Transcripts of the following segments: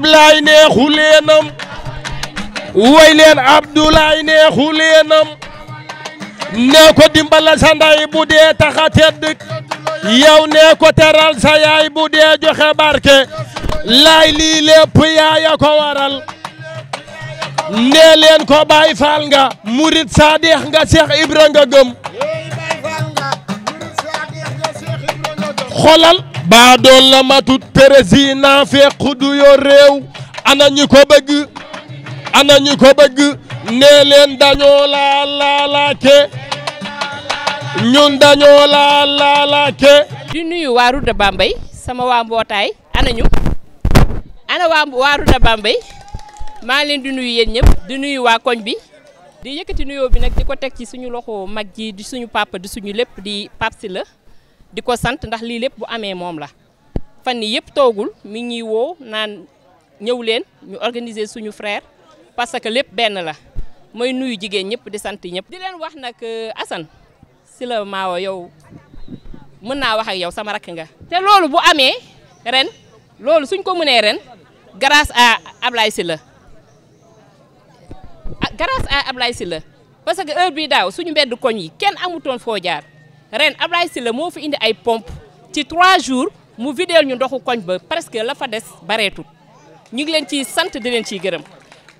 Ablaay neexu leenam way leen Abdoulaye neexu leenam nee ko dimbala sa ndey bu dee taxa tedd yow nee ko teral sa yaay bu dee joxe barke laay lii lépp yaaya ko waral nee leen ko Baay nga murit saadix nga Cheikh Ibra nga gëm xolal baa doon la matut président fekk du yo réew ana ñi ko bëgg ana ñi ko bëgg nee leen dañoo laa laalaake ñun dañoo laa laalaake di nuyu waa Route de Bambey sama waa mbootaay ana ñu ana waa waa Route de Bambey maa leen di nuyu yéen ñëpp di nuyu waa koñ bi di yëkkati nuyoo bi nag di ko teg ci suñu loxo mag ji di suñu papa di suñu lépp di Pape Sylla la di ko sant ndax lii lépp bu amee moom la fan ni yëpp toogul mi ngi ñuy woo naan ñëw leen ñu organiser suñu frère parce que lépp benn la mooy nuyu jigéen ñëpp di sant ñëpp. di leen wax nag euh, Assane si la maawo yow mën naa wax ak yow sama rakk nga. te loolu bu amee ren loolu suñ ko mënee ren grâce à Ablaye Sylla ah, grâce à Ablaye Sylla parce que heure bii daaw suñu mbedd koñ yi kenn amutoon foo jaar. ren Ablaye Sylla moo fi indi ay pompe ci trois jours mu vidéel ñu ndoxu koñ ba presque la fa des bareetul ñu ngi leen ciy sant di leen ciy gërëm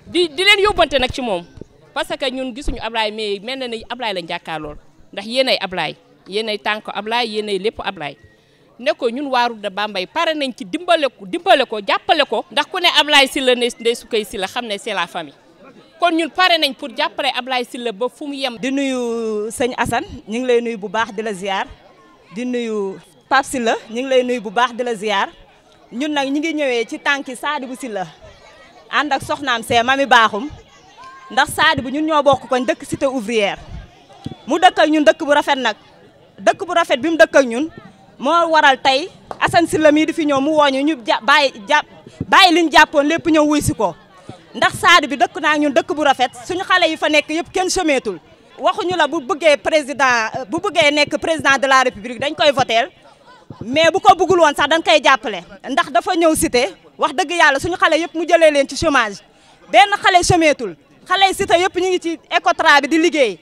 di di leen yóbbante nag ci moom parce que ñun gisuñu Ablaye mais mel na ni Ablaye lañ jàkkaarlool ndax yéen ay ablaay yéen ay tànk Ablaye yéen ay lépp Ablaye ne ko ñun waaru route de Bambey pare nañ ci dimbale ko dimbale ko jàppale ko ndax ku ne Ablaye Sylla ne Ndeye Soukeye Sylla xam ne c'est la famille kon ñun pare nañ pour jàppale Ablaye Sylla ba fu mu yem. di nuyu sëñ Assane ñu ngi lay nuyu bu baax di la ziar di nuyu Pape Sylla ñu ngi lay nuyu bu baax di la ziar ñun nag ñu ngi ñëwee ci tànki Sadibou Sylla ànd ak soxnaam see mami baaxum ndax Sadibou ñun ñoo bokk koñ dëkk cité ouvrière mu dëkk ñun dëkk bu rafet nag dëkk bu rafet bi mu dëkk ak ñun moo waral tey Assane Sylla mii di fi ñëw mu wooñu ñu ja bàyyi bàyyi li jàppoon lépp ñëw wuy si ko. ndax saad bi dëkk naa ñun dëkk bu rafet suñu xale yi fa nekk yëpp kenn semeetul waxuñu la bu bëggee président bu bëggee nekk président de la république dañ koy voteel mais bu ko bëggul woon sax dañ koy jàppale ndax dafa ñëw site wax dëgg yàlla suñu xale yëpp mu jëlee leen ci chômage benn xale semeetul xale yi cité yëpp ñu ngi ci écotra bi di liggéey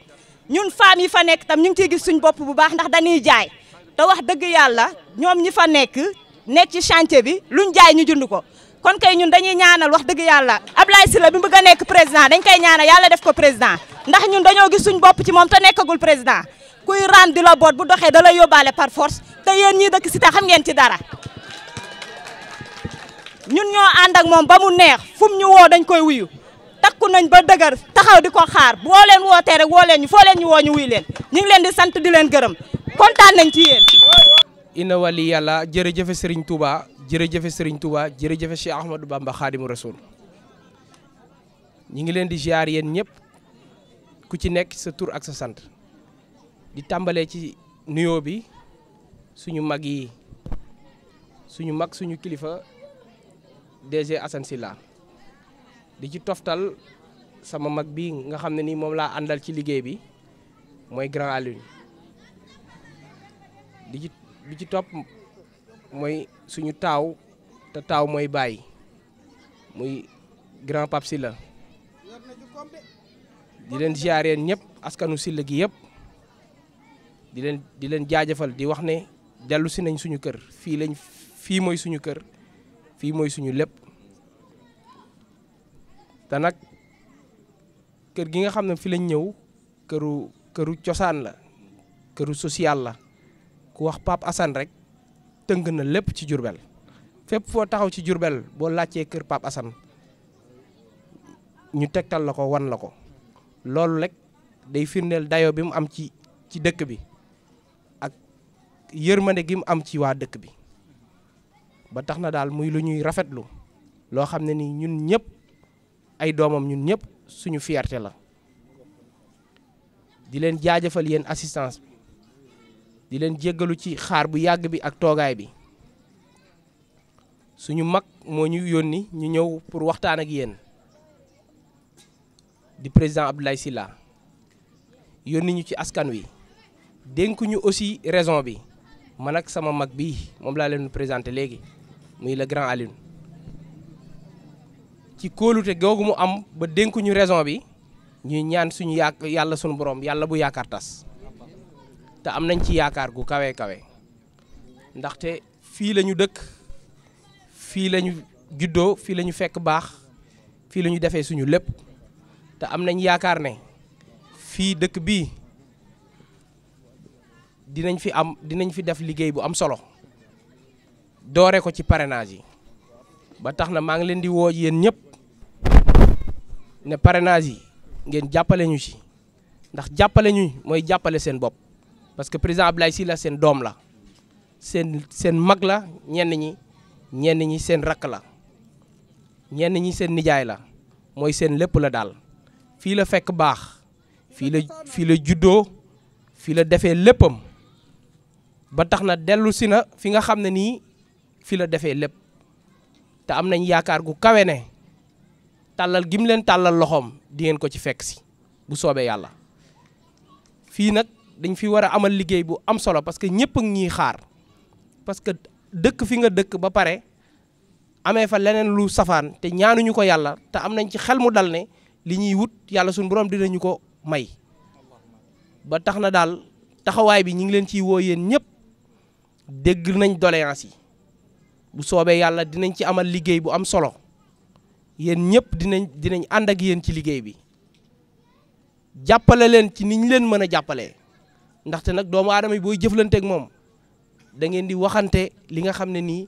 ñun femmes yi fa nekk tam ñu ngi ciy gis suñu bopp bu baax ndax dañuy jaay te wax dëgg yàlla ñoom ñi fa nekk nekk ci chantier bi luñ jaay ñu jund ko kon kay ñun dañuy ñaanal wax dëgg yàlla Ablaye la bi bëgg a nekk président dañ koy ñaanal yàlla def ko président ndax ñun dañoo gis suñ bopp ci moom te nekkagul président kuy rende di la boot bu doxee da lay yóbbaale par force te yéen ñii dëkk Cité xam geen ci dara ñun ñoo ànd ak moom ba mu neex fu mu ñu woo dañ koy wuyu takku nañ ba dëgër taxaw di ko xaar woo leen wootee rek woo leen ñu foo leen ñu woo ñu wuyu leen ñu ngi leen di sant di leen gërëm kontaan nañ ci yéen. Inna wali yàlla jërëjëf Serigne Touba. jërëjëfe Serigne Touba jërëjëfe Cheikh Ahmadou Bamba Khadimu Rasoul ñi ngi leen di ziar yéen ñëpp ku ci nekk sa tur ak sa sant di tàmbalee ci nuyoo bi suñu mag yi suñu mag suñu kilifa DG Assane di ci toftal sama mag bi nga xam ne ni moom laa àndal ci liggéey bi mooy Grand Alioune di ci topp mooy suñu taaw te taaw mooy bàyyi muy grand pape Sylla di leen ziareen ñëpp askanu Sylla gi yëpp di leen di leen jaajëfal di wax ne dellu si nañ suñu kër fii lañ fii mooy suñu kër fii mooy suñu lépp te nag kër gi nga xam ne fi lañ ñëw këru këru cosaan la këru social la ku wax pap Assane rek tënk na lépp ci Jurbel fépp foo taxaw ci Jurbel boo laajtee kër Pape Assane ñu tegtal la ko wan la ko loolu rek day firndeel dayo bi mu am ci ci dëkk bi ak yërmande gi mu am ci waa dëkk bi ba tax na daal muy lu ñuy rafetlu loo xam ne ni ñun ñëpp ay doomam ñun ñëpp suñu fierte la di leen jaajëfal yéen assistance di leen jéggalu ci xaar bu yàgg bi ak toogaay bi suñu mag moo ñu yónni ñu ñëw pour waxtaan ak yéen di président Abdoulaye Sylla yónni ñu ci askan wi dénk ñu aussi raison bi man ak sama mag bi moom laa leen présenté léegi muy le grand Alioune ci kóolute googu mu am ba dénk ñu raison bi ñuy ñaan suñu yàq yàlla suñu borom yàlla bu yaakaar tas te am nañ ci yaakaar gu kawe kawe ndaxte fii la ñu dëkk fii lañu juddoo fii la ñu fekk baax fii lañu defee suñu lépp te am nañ yaakaar ne fii dëkk bii dinañ fi am dinañ fi def liggéey bu am solo doore ko ci parrainage yi ba tax na maa ngi leen di woo yéen ñëpp ne parrainage yi ngeen jàppale ñu ci ndax jàppale ñu mooy jàppale seen bopp parce que président Abdoulaye la seen doom la seen seen mag la ñenn ñi ñenn ñi seen rakk la ñenn ñi seen nijaay la mooy seen lépp la daal fii la fekk baax fii la fii la juddoo fii la defee léppam ba tax na dellu si na fi nga xam ne nii fii la defee lépp te am nañ yaakaar gu kawe ne tàllal gim leen tàllal loxoom di ko ci fekk si bu soobee yàlla fii nag dañ fi war a amal liggéey bu am solo parce que ñëpp a ñuy xaar parce que dëkk fi nga dëkk ba pare amee fa leneen lu safaan te ñaanuñu ko yàlla te am nañ ci xel mu dal ne li ñuy wut yàlla suñu borom dinañu ko may ba tax na daal taxawaay bi ñu ngi leen ciy woo yéen ñëpp dégg nañ doléance yi bu soobee yàlla dinañ ci amal liggéey bu am solo yéen ñëpp dinañ dinañ ànd ak yéen ci liggéey bi jàppale leen ci niñ leen mën a jàppalee ndaxte nag doomu aadama yi booy jëflanteeg moom da ngeen di waxante li nga xam ne nii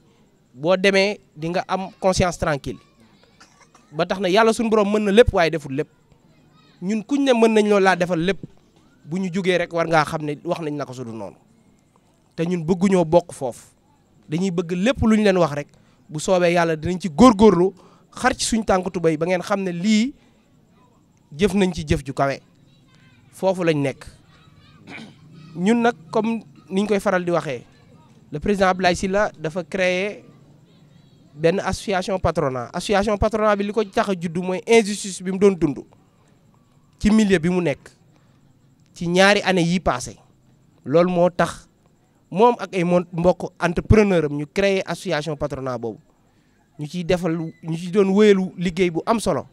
boo demee di nga am conscience tranquille ba tax na yàlla suñu borom mën na lépp waaye deful lépp ñun kuñ ne mën nañ loolu laa defal lépp bu ñu jugee rek war ngaa xam ne wax nañ naka su du noonu te ñun bëgguñoo bokk foofu dañuy bëgg lépp lu leen wax rek bu soobee yàlla dinañ ci góorgóorlu xar ci suñ tànk tubéy ba ngeen xam ne lii jëf nañ ci jëf ju kawe foofu lañ nekk. ñun nag comme niñ koy faral di waxee le président Abdoulaye Sylla dafa créer benn association patronat association patronat bi li ko tax a judd mooy injustice bi mu doon dund ci milieu bi mu nekk ci ñaari année yi passé loolu moo tax moom ak ay mbokk entrepreneur am ñu créer association patronat boobu ñu ciy defal ñu ci doon wéyalu liggéey bu am solo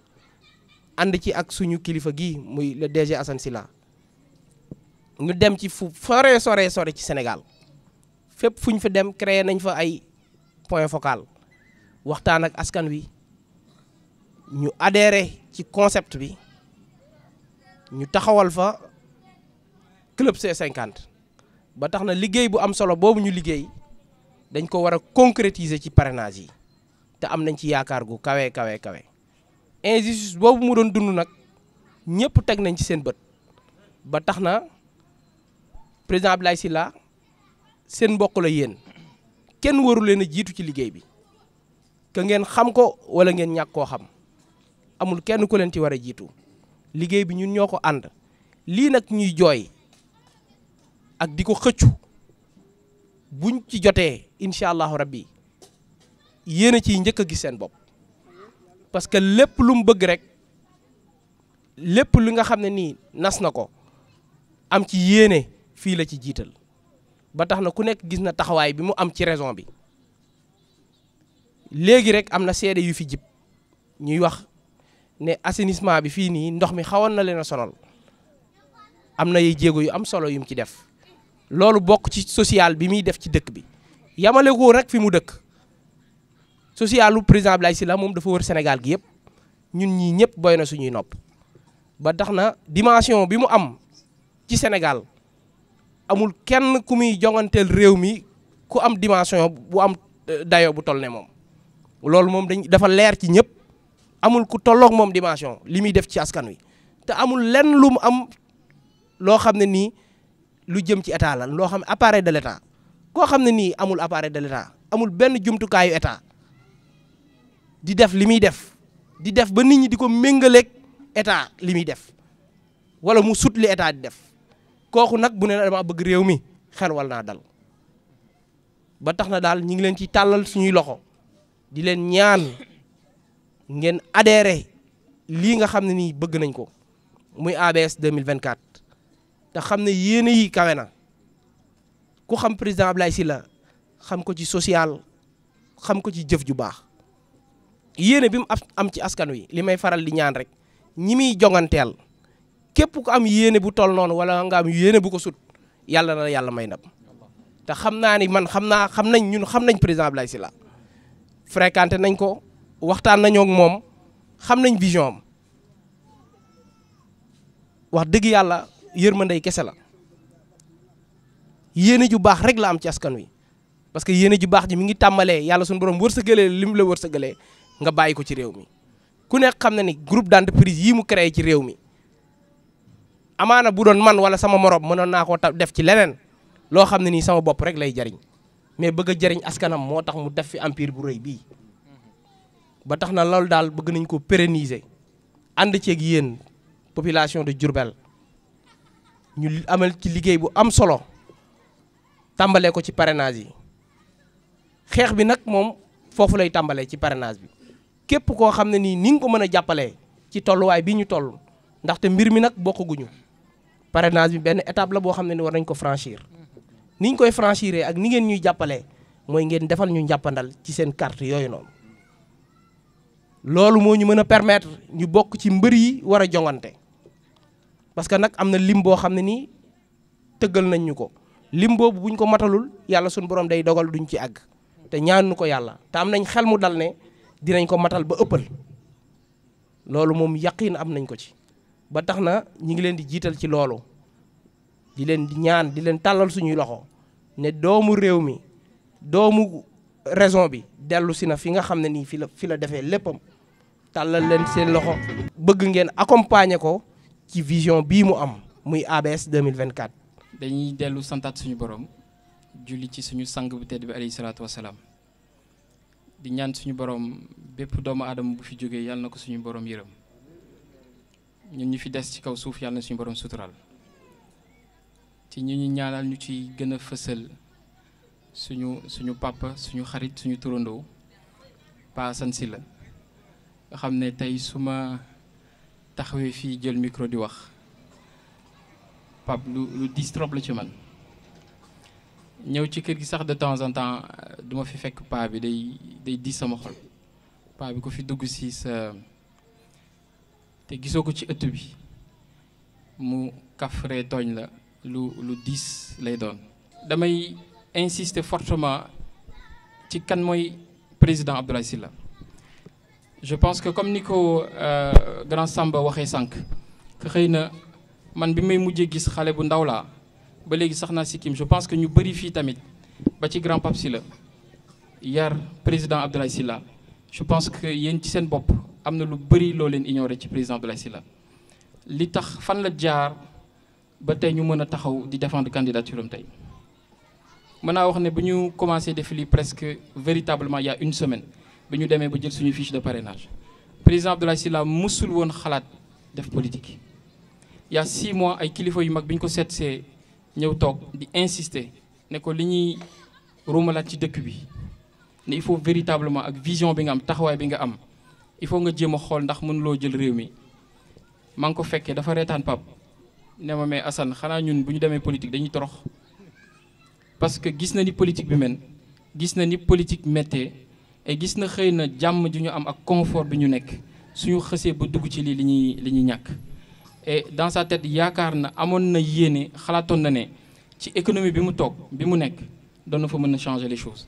ànd ci ak suñu kilifa gi muy le DG Assane Sylla ñu dem ci fu sore sore sore ci Sénégal fépp fu ñu fa dem créer nañ fa ay point focal waxtaan ak askan wi ñu adhéré ci concept bi ñu taxawal fa club cinquante ba tax na liggéey bu am solo boobu ñu liggéey dañ ko war a concrétiser ci parrainage yi te am nañ ci yaakaar gu kawe kawe kawe injustice boobu mu doon dund nag ñëpp teg nañ ci seen bët ba tax na président Abdoulaye Sylla seen mbokk la yéen kenn waru leen a jiitu ci liggéey bi que ngeen xam ko wala ngeen ñàkk koo xam amul kenn ku leen ci war a jiitu liggéey bi ñun ñoo ko ànd lii nag ñuy jooy ak di ko xëccu buñ ci jotee incha allahu rabbi yéen a ciy njëkk a gis seen bopp parce que lépp lu mu bëgg rek lépp li nga xam ne nii nas na ko am ci yéene. fii la ci jiital ba tax na ku nekk gis na taxawaay bi mu am ci raison bi léegi rek am na seede yu fi jib ñuy wax ne assainissement bi fii nii ndox mi xawoon na leen a sonal am na ay jéego yu am solo yu mu ci def loolu bokk ci social bi muy def ci dëkk bi yamale ko rek fi mu dëkk socialu président si la moom dafa wër Sénégal gi yëpp ñun ñii ñëpp boy na suñuy nopp ba tax na dimension bi mu am ci Sénégal amul kenn ku muy jonganteel réew mi ku am dimension bu am euh, dayo bu toll ne moom loolu moom dañ dafa leer ci ñëpp amul ku tolloog moom dimension li muy def ci askan wi te amul lenn lu mu am loo xam ne nii lu jëm ci état la loo xam ne appareil de l'état koo xam ne nii amul appareil de l'état amul benn jumtukaayu état di def li muy def di def ba nit ñi di ko méngaleeg état li muy def wala mu sut li état di def kooku nag bu ne la dama bëgg réew mi xel wal naa dal ba tax na daal ñu ngi leen ci tàllal suñuy loxo di leen ñaan ngeen adhéré lii nga xam ne nii bëgg nañ ko muy ABS 2024 te xam ne yéene yi kawe ku xam président Abdoulaye Sylla xam ko ci social xam ko ci jëf ju baax yéene bi mu am ci askan wi li may faral di ñaan rek ñi muy jonganteel képp ku am yéene bu toll noonu wala nga am yéene bu ko sut yàlla na yàlla may ndam te xam naa ni man xam naa xam nañ ñun xam nañ président si Sylla fréquenté nañ ko waxtaan nañoo moom xam nañ vision am wax dëgg yàlla yërmandey kese la yéene ju baax rek la am ci askan wi parce que yéene ju baax ji mi ngi tàmbalee yàlla suñu borom wërsëgalee lim la wërsëgalee nga bàyyi ko ci réew mi ku nekk xam na ni groupe d'entreprise yii mu créé ci réew mi. amaana bu doon man wala sama morom a naa koo def ci leneen loo xam ne nii sama bopp rek lay jariñ mais bëgg jariñ askanam moo tax mu def fi empire bu rëy bii ba tax na loolu daal bëgg nañ ko pérenniser ànd ceeg yéen population de Diourbel ñu amal ci liggéey bu am solo tàmbalee ko ci parrainage yi xeex bi nag moom foofu lay tàmbalee ci parrainage bi képp koo xam ne nii ni nga ko mën a jàppalee ci tolluwaay bii ñu toll ndaxte mbir mi nag bokkaguñu parrainage bi benn étape la boo xam ne ni war nañ ko franchir ni koy franchir ak ni ngeen ñuy jàppale mooy ngeen defal ñu jàppandal ci seen carte yooyu noonu loolu moo ñu mën a permettre ñu bokk ci mbër yi war a jongante parce que nag am na lim boo xam ne nii tëggal nañ ñu ko lim boobu ko matalul yàlla suñu borom day dogal duñ ci àgg te ñaanu ko yàlla te nañ xel mu dal ne dinañ ko matal ba ëppal loolu moom yaqiin am nañ ko ci ba tax na ñi ngi leen di jiital ci loolu di leen di ñaan di leen tàllal suñuy loxo ne doomu réew mi doomu raison bi dellu si na fi nga xam ne nii fi la fi la defee léppam tàllal leen seen loxo bëgg ngeen accompagner ko ci vision bii mu am muy ABS 2024 dañuy dellu santaat suñu borom julli ci suñu sang bu tedd bi alayhi salaatu wasalaam di ñaan suñu borom bépp doomu aadama bu fi jógee yàlla na ko suñu borom yërëm ñun ñu fi des ci kaw suuf yàlla na suñu borom sutural ci ñu ñu ñaanal ñu ci gën a fësal suñu suñu papa suñu xarit suñu turandoo Pa Assane Sylla nga xam ne tey su ma taxawee fii jël micro di wax pap lu lu diis trop la ci man ñëw ci kër gi sax de temps en temps duma fi fekk paa bi day day diis sama xol paa bi ko fi dugg si sa te gisoo ko ci ëtt bi mu kafree tooñ la lu lu diis lay doon damay insister fortement ci kan mooy président Abdoulaye Sylla je pense que comme ni ko euh, grand Samba waxee sànq xëy na man bi may mujjee gis xale bu ndaw laa ba léegi sax naa sikkim je pense que ñu bëri fii tamit ba ci grand Pape la yar président Abdoulaye Sylla je pense que yéen ci seen bopp am na lu bëri loo leen ignoré ci président Abdoulaye Sylla li tax fan la jaar ba tey ñu mën a taxaw di défendre candidature am tey mën naa wax ne bu ñu commencé def lii presque véritablement il y une semaine bi ñu demee ba jël suñu fiche de parrainage président Abdoulaye Sylla mosul woon xalaat def politique il y a mois ay kilifa yu mag bi ñu ko see ñëw toog di insister ne ko li ñuy ruumalaat ci dëkk bi ne il faut véritablement ak vision bi nga am taxawaay bi nga am il faut nga jéem a xool ndax mënuloo jël réew mi maa ngi ko fekkee dafa reetaan pap ne ma mais Assane xanaa ñun bu ñu demee politique dañuy torox parce que gis na ni politique bi men gis na ni politique méttee et gis na xëy na jàmm ju ñu am ak confort bi ñu nekk suñu xësee ba dugg ci lii li ñuy li ñàkk et dans sa tête yaakaar na amoon na yéene xalaatoon na ne ci économie bi mu toog bi mu nekk doon na fa mën a changer les choses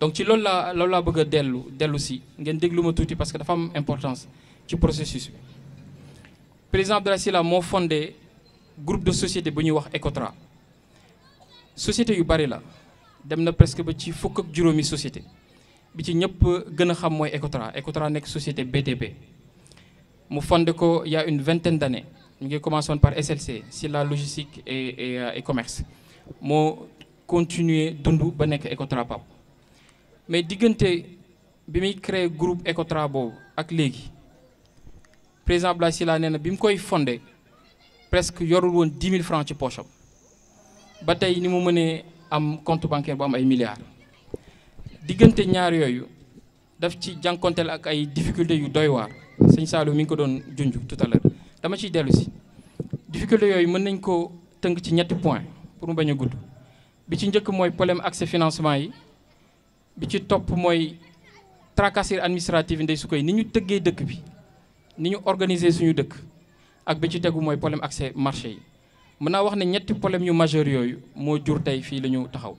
donc ci loolu laa loolu laa bëgg a dellu dellu si ngeen déglu ma tuuti parce que dafa am importance ci processus bi président Abdoulaye Sylla moo fondé groupe de société bu ñuy wax Ecotra société yu bari la dem na presque ba ci fukk juróomi société bi ci ñëpp gën a xam mooy Ecotra Ecotra nekk société BTP mu fonde ko il y a une vingtaine d'années ñu ngi commencé woon par SLC Sylla logistique et et commerce moo continuer dund ba nekk Ecotra Pape mais diggante bi muy créé groupe Ecotra boobu ak léegi président Blay Sylla nee na bi mu koy fonde presque yorul woon dix mille francs ci poche ba tey ni mu mënee am compte bancaire bu am ay milliards diggante ñaar yooyu daf ci jànkonteel ak ay difficultés yu doy waar sëñ Saalum mi ngi ko doon junj tout dama ciy dellusi si yooyu mën nañ ko tënk ci ñetti point pour mu bañ a gudd bi ci njëkk mooy problème accès financement yi bi ci topp mooy tracasserie administrative ndey su koy ni ñu tëggee dëkk bi ni ñu organiser suñu dëkk ak bi ci tegu mooy problème accès marché yi mën naa wax ne ñetti problème yu majeur yooyu moo jur tey fii la ñu taxaw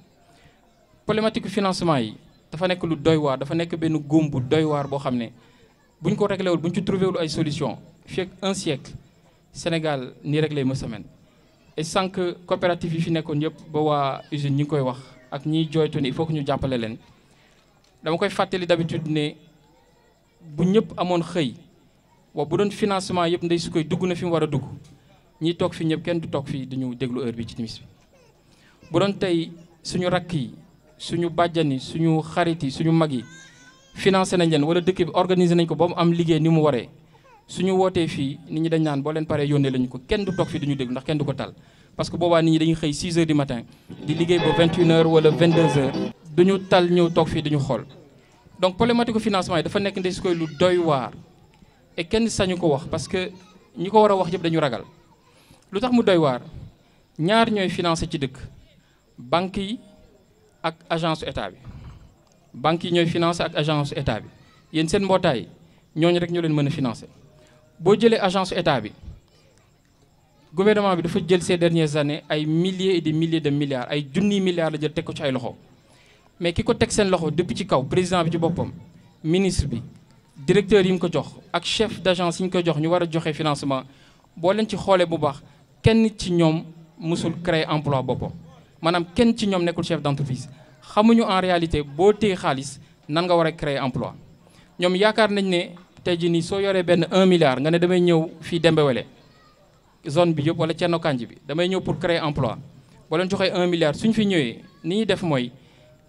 problématique financement yi dafa nekk lu doy waar dafa nekk benn góom bu doywaar boo xam ne bu ñu ko réglé wul bu ñu ci trouvé wul ay solution fii ak un siècle Sénégal nii réglé ma semaine et sànq coopérative yi fi nekkoon yëpp ba waa usine ñi ngi koy wax ak ñiy jooytu ni il ñu jàppale leen dama koy fàttali d'habitude ne bu ñëpp amoon xëy wa bu doon financement yëpp ndey su koy dugg na fi mu war a dugg ñi toog fi ñëpp kenn du toog fii dañu déglu heure bi ci timis bi bu doon tey suñu rakk yi suñu bàjjan yi suñu xarit yi suñu mag yi financé nañ leen wala dëkk bi organisé nañ ko ba mu am liggéey ni mu waree suñu wootee fii nit ñi dañ naan boo paree yónnee lañu ko kenn du toog fii duñu déglu ndax kenn du ko tal parce que boobaa nit ñi dañuy xëy 6 heures du matin di liggéey ba 21 duñu tal ñëw toog fii duñu xool donc problématique financement yi dafa nekk ndis koy lu doy waar et kenn ñu ko wax parce que ñi ko war a wax yëpp dañu ragal lu tax mu doy waar ñaar ñooy financé ci dëkk banque yi ak agence état bi banque yi ñooy financé ak agence état bi yéen seen mbootaay ñooñu rek ñoo leen mën a financé boo jëlee agence état bi gouvernement bi dafa jël ces dernières années ay milliers et des de milliards ay junniy milliards la jël teg ko ci ay loxo mais ki ko teg seen loxo depuis ci kaw président bi ci boppam ministre bi directeur yi nga ko jox ak chef d'agence yi ñu ko jox ñu war a joxe financement boo leen ci xoolee bu baax kenn ci ñoom mosul créer emploi boppam maanaam kenn ci ñoom nekkul chef d'entreprise xamuñu en réalité boo téye xaalis nan nga war a créer emploi ñoom yaakaar nañ ne tey jii nii soo yoree benn un milliard nga ne damay ñëw fii Dembewele zone bi yëpp wala Thierno Kandji bi damay ñëw pour créer emploi boo leen joxee un milliard fi ñëwee ni ñuy def mooy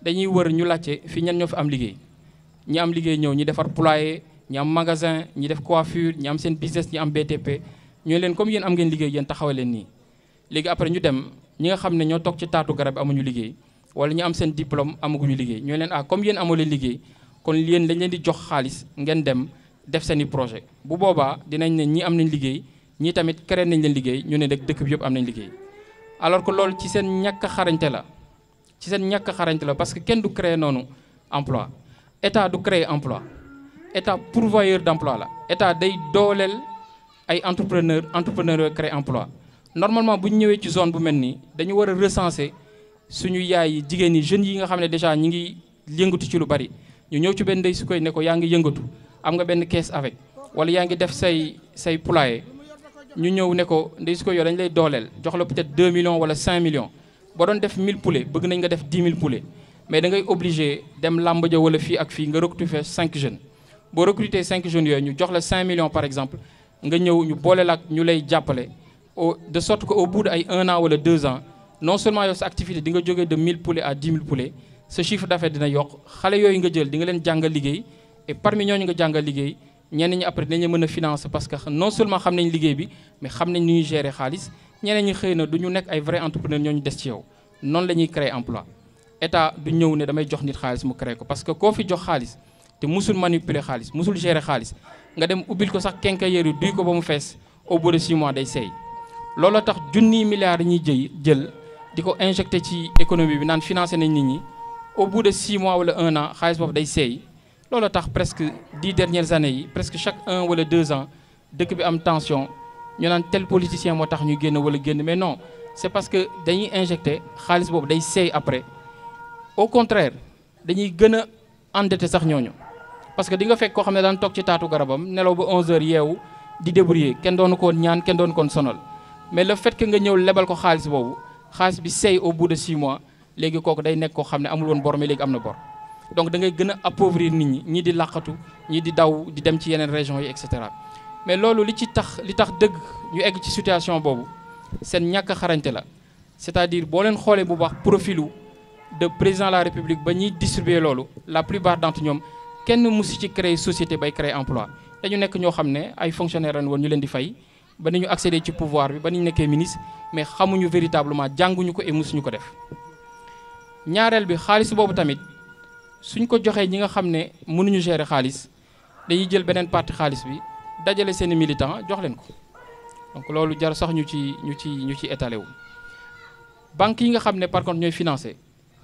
dañuy wër ñu laajte fii ñan ñoo fi am liggéey ñi am liggéey ñëw ñi defar poulailler ñi am magasin ñi def coiffure ñi am seen business ñi am BTP ñu leen comme yéen am ngeen liggéey yéen taxawal leen nii léegi après ñu dem ñi nga xam ne ñoo toog ci garab amuñu liggéey wala ñu am seen diplôme amaguñu liggéey ñu leen ah comme yéen amoo leen liggéey kon yéen lañ leen di jox xaalis ngeen dem def seen i projet bu boobaa dinañ ne ñi am nañ liggéey ñii tamit créé nañ leen liggéey ñu ne rek dëkk bi yëpp am nañ liggéey alors ko loolu ci seen ñàkk xarañte la ci seen ñàkk xarañte la parce que kenn du créer noonu emploi état du créer emploi état pourvoyeur d' emploi la état day dooleel ay entrepreneur entrepreneur yooyu créer emploi normalement bu ñu ñëwee ci zone bu mel nii dañu war a recenser suñu yaay yi jigéen yi jeunes yi nga xam ne déjà ñi ngi yëngatu ci lu bari ñu ñëw ci benn ndey su koy ne yaa ngi yëngatu am nga benn caisse avec wala yaa ngi def say say poulailler ñu ñëw ne ko ndey su koy yow dañu lay dooleel jox la peut-être 2 millions wala 5 millions boo doon def 1000 poulets bëgg nañ nga def 10 000 poulets mais da ngay obligé dem làmb ja wala fii ak fii nga recruter 5 jeunes boo recruter 5 jeunes yooyu ñu jox la 5 millions par exemple nga ñëw ñu boole ak ñu lay jàppale au de sorte ko au bout de ay 1 an wala 2 ans non seulement yow sa activité di nga jógee de 1000 poulets à 10 000 poulets sa chiffre d'affaires dina yokk xale yooyu nga jël di nga leen jàngal liggéey et parmi ñooñu nga jàngal liggéey ñenn ñi après dinañu mën a parce que non seulement xam nañ liggéey bi mais xam nañ nu ñuy gérer xaalis ñeneen ñi xëy na du ñu nekk ay vrai entrepreneur ñoo ñu des ci yow noonu la ñuy créer emploi état du ñëw ne damay jox nit xaalis mu créer ko parce que koo fi jox xaalis te musul manipuler xaalis musul gérer xaalis nga dem ubbil ko sax quincaillerie yi duy ko ba mu fees au bout de 6 mois day seey looloo tax junniy milliards yi ñuy jëy jël di ko injecté ci économie bi naan financé nañ nit ñi au bout de 6 mois wala 1 an xaalis boobu day seey looloo tax presque 10 dernières années yi presque chaque 1 wala 2 ans dëkk bi am ñu naan tel politicien moo tax ñu génn wala génn mais non c'est parce que dañuy injecté xaalis boobu day seey après au contraire dañuy gën a endetté sax ñooñu parce que di nga fekk koo xam ne daan toog ci taatu garabam nelaw ba 11h yeewu di débrouiller kenn doonu koon ñaan kenn doonu koon sonal mais le fait que nga ñëw lebal ko xaalis boobu xaalis bi seey au bout de 6 mois léegi kooku day nekk koo xam ne amul woon bor mais léegi am na bor donc da ngay gën a appauvrir nit ñi ñii di làqatu ñii di daw di dem ci yeneen régions yi et cetera. mais loolu li ci tax li tax dëgg ñu egg ci situation boobu seen ñàkk xarañte la c'est-à-dire boo leen xoolee bu baax profilu de président la république ba ñuy distribuer loolu la plupart d'entre ñoom kenn musu ci créer société bay créer emploi dañu nekk ñoo xam ne ay fonctionnaires lañ woon ñu leen di fay ba ni ñu accéder ci pouvoir bi ba ni ñu nekkee ministre mais xamuñu véritablement jànguñu ko et musuñu ko def ñaareel bi xaalis boobu tamit suñ ko joxee ñi nga xam ne mënuñu gérer xaalis dañuy jël beneen parti xaalis bi dajale seen i militants jox leen ko donc loolu jar sax ñu ci ñu ci ñu ci étalé wu. banques yi nga xam ne par contre ñooy financé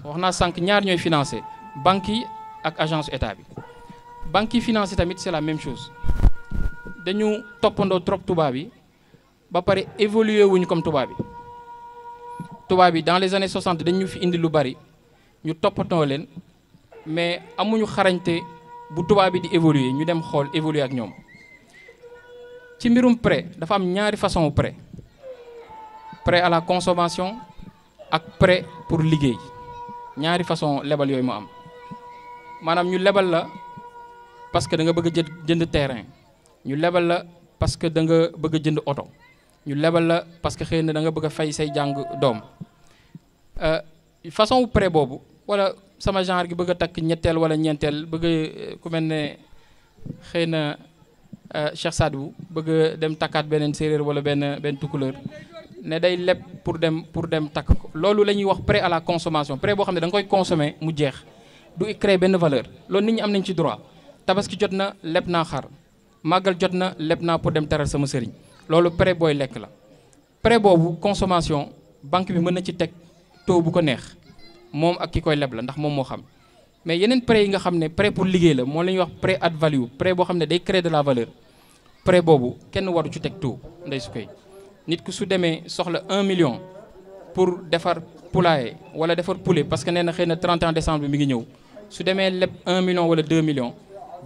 wax naa sànq ñaar ñooy financé banques yi ak agence état bi banque yi financé tamit c'est la même chose dañu toppandoo trop tubaab yi ba pare évoluer wuñ comme tubaab yi. tubaab yi dans les années 60 dañu ñu fi indi lu bari ñu toppatoo leen mais amuñu xarañte bu tubaab yi di évoluer ñu dem xool évoluer ak ñoom. ci mbirum prêt dafa am ñaari façon prêt prêt à la consommation ak prêt pour liggéey ñaari façon lebal yooyu mu am maanaam ñu lebal la parce que da nga bëgg a jënd terrain ñu lebal la parce que da nga bëgg jënd oto ñu lebal la parce que xëy na danga bëgg a fay say jàng doom euh, façon wu boobu wala sama genre gi bëgg a takk ñetteel wala ñeenteel bëgg ku mel ne xëy na Euh, Cheikh Sadou bëgg dem takkaat beneen séeréer wala benn benn tukkuleur ne day leb pour dem pour dem takk ko loolu la ñuy wax prêt à la consommation prêt boo xam ne danga koy consommer mu jeex du créer benn valeur loolu nit ñi am nañ ci droit tabaski jot na leb naa xar màggal jot na leb naa pour dem teral sama sëriñ loolu prêt booy lekk la. prêt boobu consommation banque bi mën na ci teg taux bu ko neex moom ak ki koy leb la ndax moom moo xam. mais yeneen prêt yi nga xam ne prêt pour liggéey la moo la ñuy wax prêt add value prêt boo xam ne day créer de boobu kenn waru ci teg taux nday su koy nit ku su demee soxla un million pour defar poulailler wala defar poulet parce que nee na xëy na 31 décembre bi mi ngi ñëw su demee leb un million wala deux millions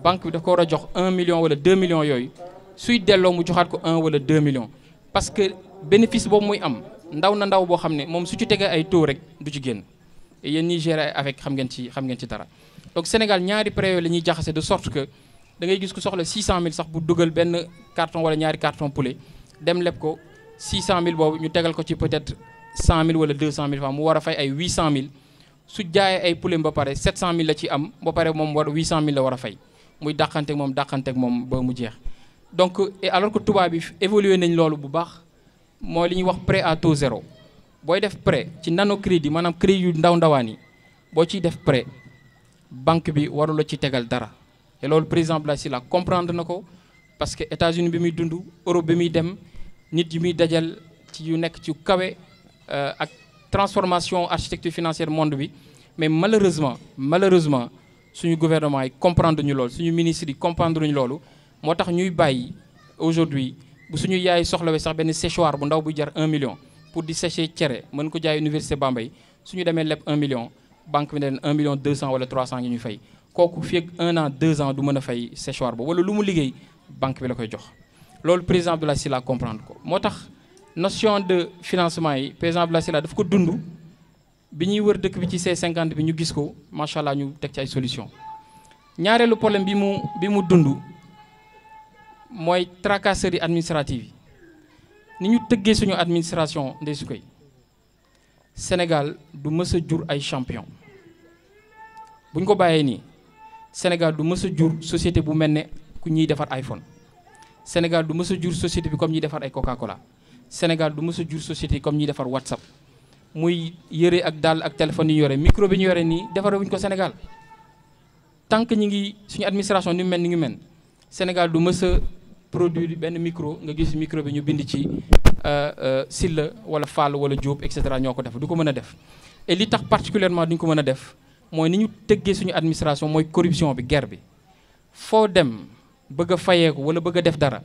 banque bi daf ko war a jox un million wala deux million yooyu suy delloo mu joxaat ko un wala deux million parce que bénéfice boobu muy am ndaw na ndaw boo xam ne moom su ci tegee ay taux rek du ci génn yenn yéen avec xam ngeen ci xam ngeen ci dara donc Sénégal ñaari prêt yooyu la ñuy jaxase de sorte que da ngay gis ku soxla 600000 sax bu dugal benn carton wala ñaari carton poulet dem leb ko 600000 boobu ñu tegal ko ci peut-être 100000 wala 200000 francs mu war a fay ay 800000 su jaayee ay poulet ba pare mil la ci am ba pare moom war 800000 la war a fay muy dàqanteeg moom dàqanteeg moom ba mu jeex. donc et alors tubaab yi évolué nañ loolu bu baax mooy li ñuy wax prêt à taux zéro. booy def prêt ci nano crédit maanaam crédit yu ndaw ndawaan yi boo ciy def prêt banque bi warula ci tegal dara te loolu président Abdoulaye Sylla comprendre na ko parce que États-Unis bi muy dund Europe bi muy dem nit yi muy dajal ci yu nekk ci kawe euh, ak transformation architecture financière monde bi mais malheureusement malheureusement suñu gouvernement yi comprendre ñu lool suñu ministre yi comprendre ñu loolu moo tax ñuy bàyyi aujourd'hui bu suñu yaay soxlawee sax benn séchoir bu ndaw buy jar un million pour di sécher cere mën ko jaay université Bambey su ñu demee leb 1 million banque bi ne leen 1 million 200 wala 300 ngi ñu fay kooku fii ak 1 an 2 ans du mën a fay séchoir ba wala lu mu liggéey banque bi la koy jox. loolu président Abdoulaye Sylla comprendre ko moo tax notion de financement yi président la Sylla daf ko dund bi ñuy wër dëkk bi ci c cinquante bi ñu gis ko macha allah ñu teg ci ay solution ñaareelu problème bi mu bi mu dund mooy tracasserie administrative yi. ni ñu tëggee suñu administration ndey su koy Sénégal du mës jur ay champion bu ñu ko bàyyee nii senegal du mës a jur société bu mel ne ku ñuy defar iPhone Sénégal du mës a jur société bi comme ñuy defar ay Coca-Cola Sénégal du mës jur société comme ñuy defar WhatsApp muy yëre ak dàll ak téléphone yi ñu yore micro bi ñu yore nii defaree ko senegal tant que ñu ngi suñu administration ni mu mel ni ngi mel Sénégal du mës produit benn micro nga gis micro bi ñu bind ci euh, euh, Silla wala Fall wala Diop et cetera ñoo ko def du ko mën a def. et li tax particulièrement duñ ko mën a def mooy ni ñu tëggee suñu administration mooy corruption bi guerre bi foo dem bëgg a fayeeku wala bëgg def dara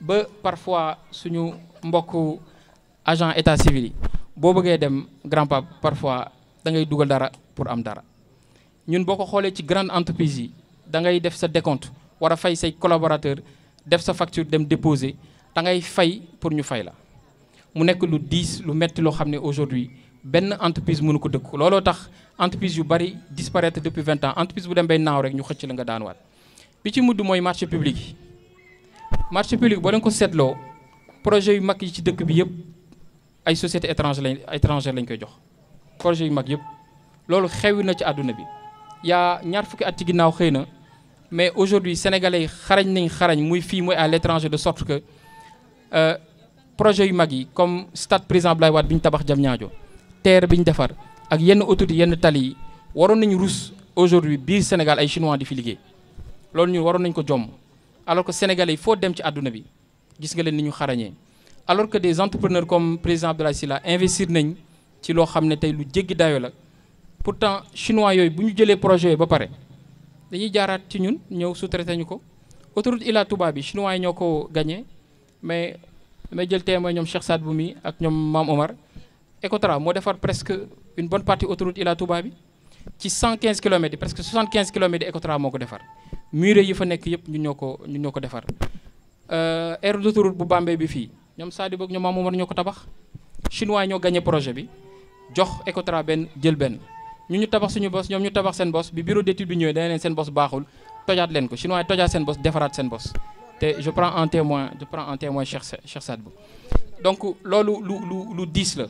ba parfois suñu mbokk agent état civil yi boo bëggee dem grand pape parfois da ngay dugal dara pour am dara ñun boo ko xoolee ci grande entreprise yi dangay def sa déconte wara a fay say collaborateur def sa facture dem déposé da ngay fay pour ñu fay la mu nekk lu diis lu metti loo xam ne aujourd'hui benn entreprise mënu ko dëkk looloo tax entreprise yu bari disparaître depuis vingt ans entreprise bu dem bay naaw rek ñu xëcc la nga daan waat bi ci mudd mooy marché public yi marché public boo leen ko seetloo projet yu mag yi ci dëkk bi yëpp ay société étranger lañ étranger lañ koy jox projet yu mag yëpp loolu xewi na ci àdduna bi yaa ñaar fukki at ci ginnaaw xëy na mais aujourd'hui sénégale yi xarañ nañ xarañ muy fii muy à l'étranger de sorte que euh, projet yu mag yi comme stade président Abdoulaye Wade bi ñu tabax Diamniadio terre bi ñu defar ak yenn autoroute yenn tali yi waroon nañu rus aujourd'hui biir Sénégal ay chinois di fi liggéey loolu ñu waroon nañ ko jomm alors que sénégalais yi foo dem ci àdduna bi gis nga leen ni ñu xarañee alors que des entrepreneurs comme président Abdoulaye Sylla investir nañ ci loo xam ne tey lu jéggi dayo la pourtant chinois yooyu bu ñu jëlee projet ba pare dañuy jaaraat ci ñun ñëw sous-traité ñu ko autoroute illa Touba bi chinois ñoo ko gagné mais mais jël témoin ñoom Cheikh Saad Boumi ak ñoom Maam Omar Ecotra moo defar presque une bonne partie autoroute Ila Touba bi ci 115 kilomètres yi presque 75 kilomètres yi Ecotra moo ko defar murée yi fa nekk yëpp ñun ñoo ko ñun ñoo ko defar euh, aire d'autoroute bu Bambey bi fii ñoom Sadibou ak ñoom Maam Omar ñoo ko tabax chinois yi ñoo gagné projet bi jox Ecotra benn jël benn ñu ñu tabax suñu bos ñoom ñu tabax seen bos bi bureau d'étude bi ñëwee dana leen seen bos baaxul tojaat leen ko chinois yi tojaat seen bos defaraat seen bos te je prends en témoin je prends en témoin Cheikh Cheikh Sadbou donc loolu lu lu lu diis la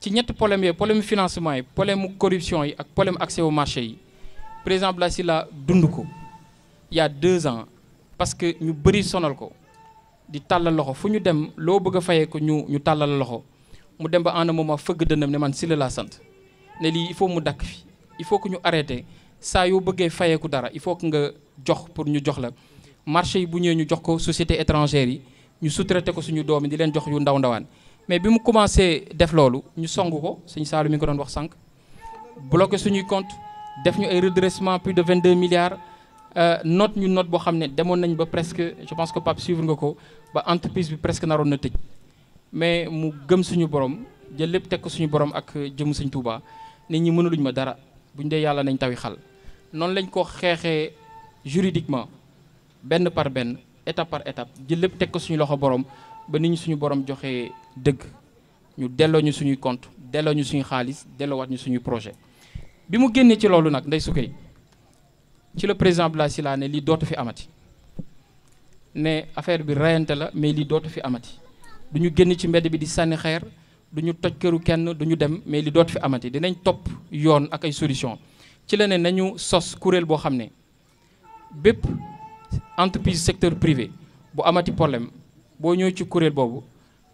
ci ñett problème yooyu problème financement yi problème corruption yi ak problème accès au marché yi président si la dund ko il y a ans parce que ñu bëri sonal ko di tàllal loxo fu ñu dem loo bëgg a ko ñu ñu tàllal loxo mu dem ba en un moment fëgg dënam ne man Sylla laa sant ne lii il faut mu dakk fi il faut que ñu arrêté saa yoo bëggee fayeeku dara il faut que nga jox pour ñu jox la marché yi bu ñëwee ñu jox ko société étrangère yi ñu sous ko suñu doom yi di leen jox yu ndaw ndawaan mais bi mu commencé def loolu ñu song ko suñu saalu mi ngi ko doon wax sànq bloqué suñuy compte def ñu ay redressement plus de 22 milliards euh, note ñu note boo xam ne demoon nañ ba presque je pense que Pape suivre nga ko ba entreprise bi presque naroon na tëj mais mu gëm suñu borom jël lépp teg ko suñu borom ak jëm Sëñ Tuubaa nit ñi mënuluñ ma dara bu buñ dee yàlla nañ tawi xal noonu lañ ko xeexee juridiquement benn par benn étape par étape jël lépp teg ko suñu loxo borom ba nit ñi suñu borom joxee dëgg ñu delloo ñu suñuy compte delloo ñu suñu xaalis delloo delloowaat ñu suñuy projet bi mu génnee ci loolu nag ndey sukkay ci la président Abdoulaye Sylla ne lii dootu fi amati ne affaire bi reyante la mais lii dootu fi amati du ñu génn ci mbedd bi di sànni xeer du ñu toj këru kenn du ñu dem mais li dootu fi amati dinañ topp yoon ak ay solution ci la ne nañu sos kuréel boo xam ne bépp entreprise secteur privé bu amati problème boo ñëw ci kuréel boobu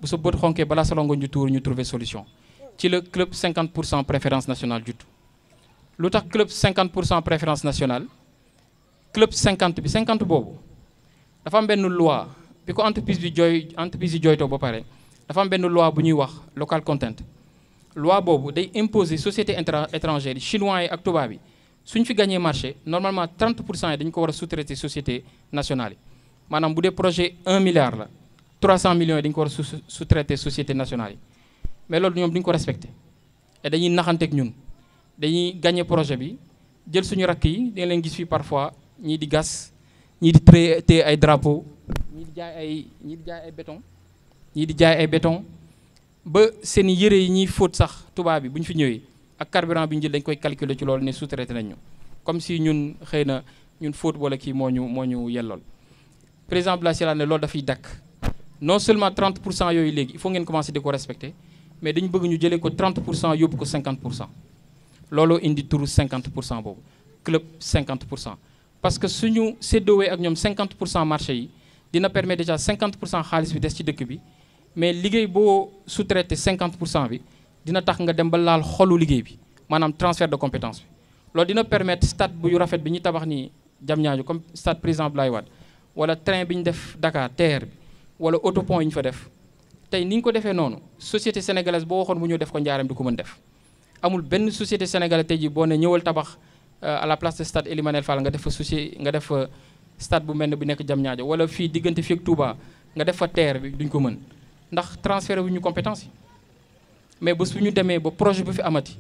bu sa bët xonkee balaa sa rongoñ ju tuur ñu trouver solution ci la club 50 pour cent préférence nationale judd lu tax club 50 pour cent préférence nationale club 50 bi 50 boobu dafa am benn loi bi ko entreprise bi jooy entreprise yi jooytoo ba pare dafa benn loi bu ñuy wax local content loi boobu day imposer société étrangère yi chinois yi ak tubaab yi suñ fi gagné marché normalement 30 pour cent yi dañu ko war a sous-traiter société nationale yi maanaam bu dee projet 1 milliard la 300 millions yi dañu ko war a sous-traiter mais loolu ñoom duñu ko respecté et dañuy naxanteeg ñun dañuy gagné projet bi jël suñu rakk yi dañ leen gis fii parfois ñii di gas ñii di traité ay drapeau ñii di ay ñii di jaay ay béton ñii di jaay ay beton ba seen yëre yi ñuy fóot sax tubaab bi bu ñu fi ñëwee ak carburant bi ñu jël dañ koy calculer ci loolu ne sous-traité nañ ñu comme si ñun xëy na ñun fóot wala kii moo ñu moo ñu yellool président Blaise Diagne ne loolu dafay dakk non seulement 30 pour cent yooyu léegi il faut ngeen commencer di ko respecter mais dañu bëgg ñu jëlee ko 30 pour cent yóbbu ko 50 pour cent looloo indi turu pour cent boobu club 50 pour cent parce que suñu séddoowee ak ñoom 50 pour cent marché yi dina permettre déjà 50 pour cent xaalis bi des ci dëkk bi mais liggéey boo sous-traité pour cent bi dina tax nga dem ba laal xolu liggéey bi maanaam transfert de compétence bi loolu dina permettre stade bu rafet bi ñu tabax nii Diamniadio comme stade président Abdoulaye waat wala train bi ñu def Dakar TER bi wala autopont yi ñu fa def tey ni ñu ko defee noonu société sénégalaise boo waxoon bu ñu def ko njaaram di ko mën def amul benn société sénégalaise tey jii boo ne ñëwal tabax euh, à la place de stade Elimanel nga def fa société nga def fa stade bu mel ne bu nekk Diamniadio wala fii diggante fii Touba nga def fa TER bi duñ ko mën ndax transféré wu ñu compétence yi mais ba su ñu demee ba projet bu fi amati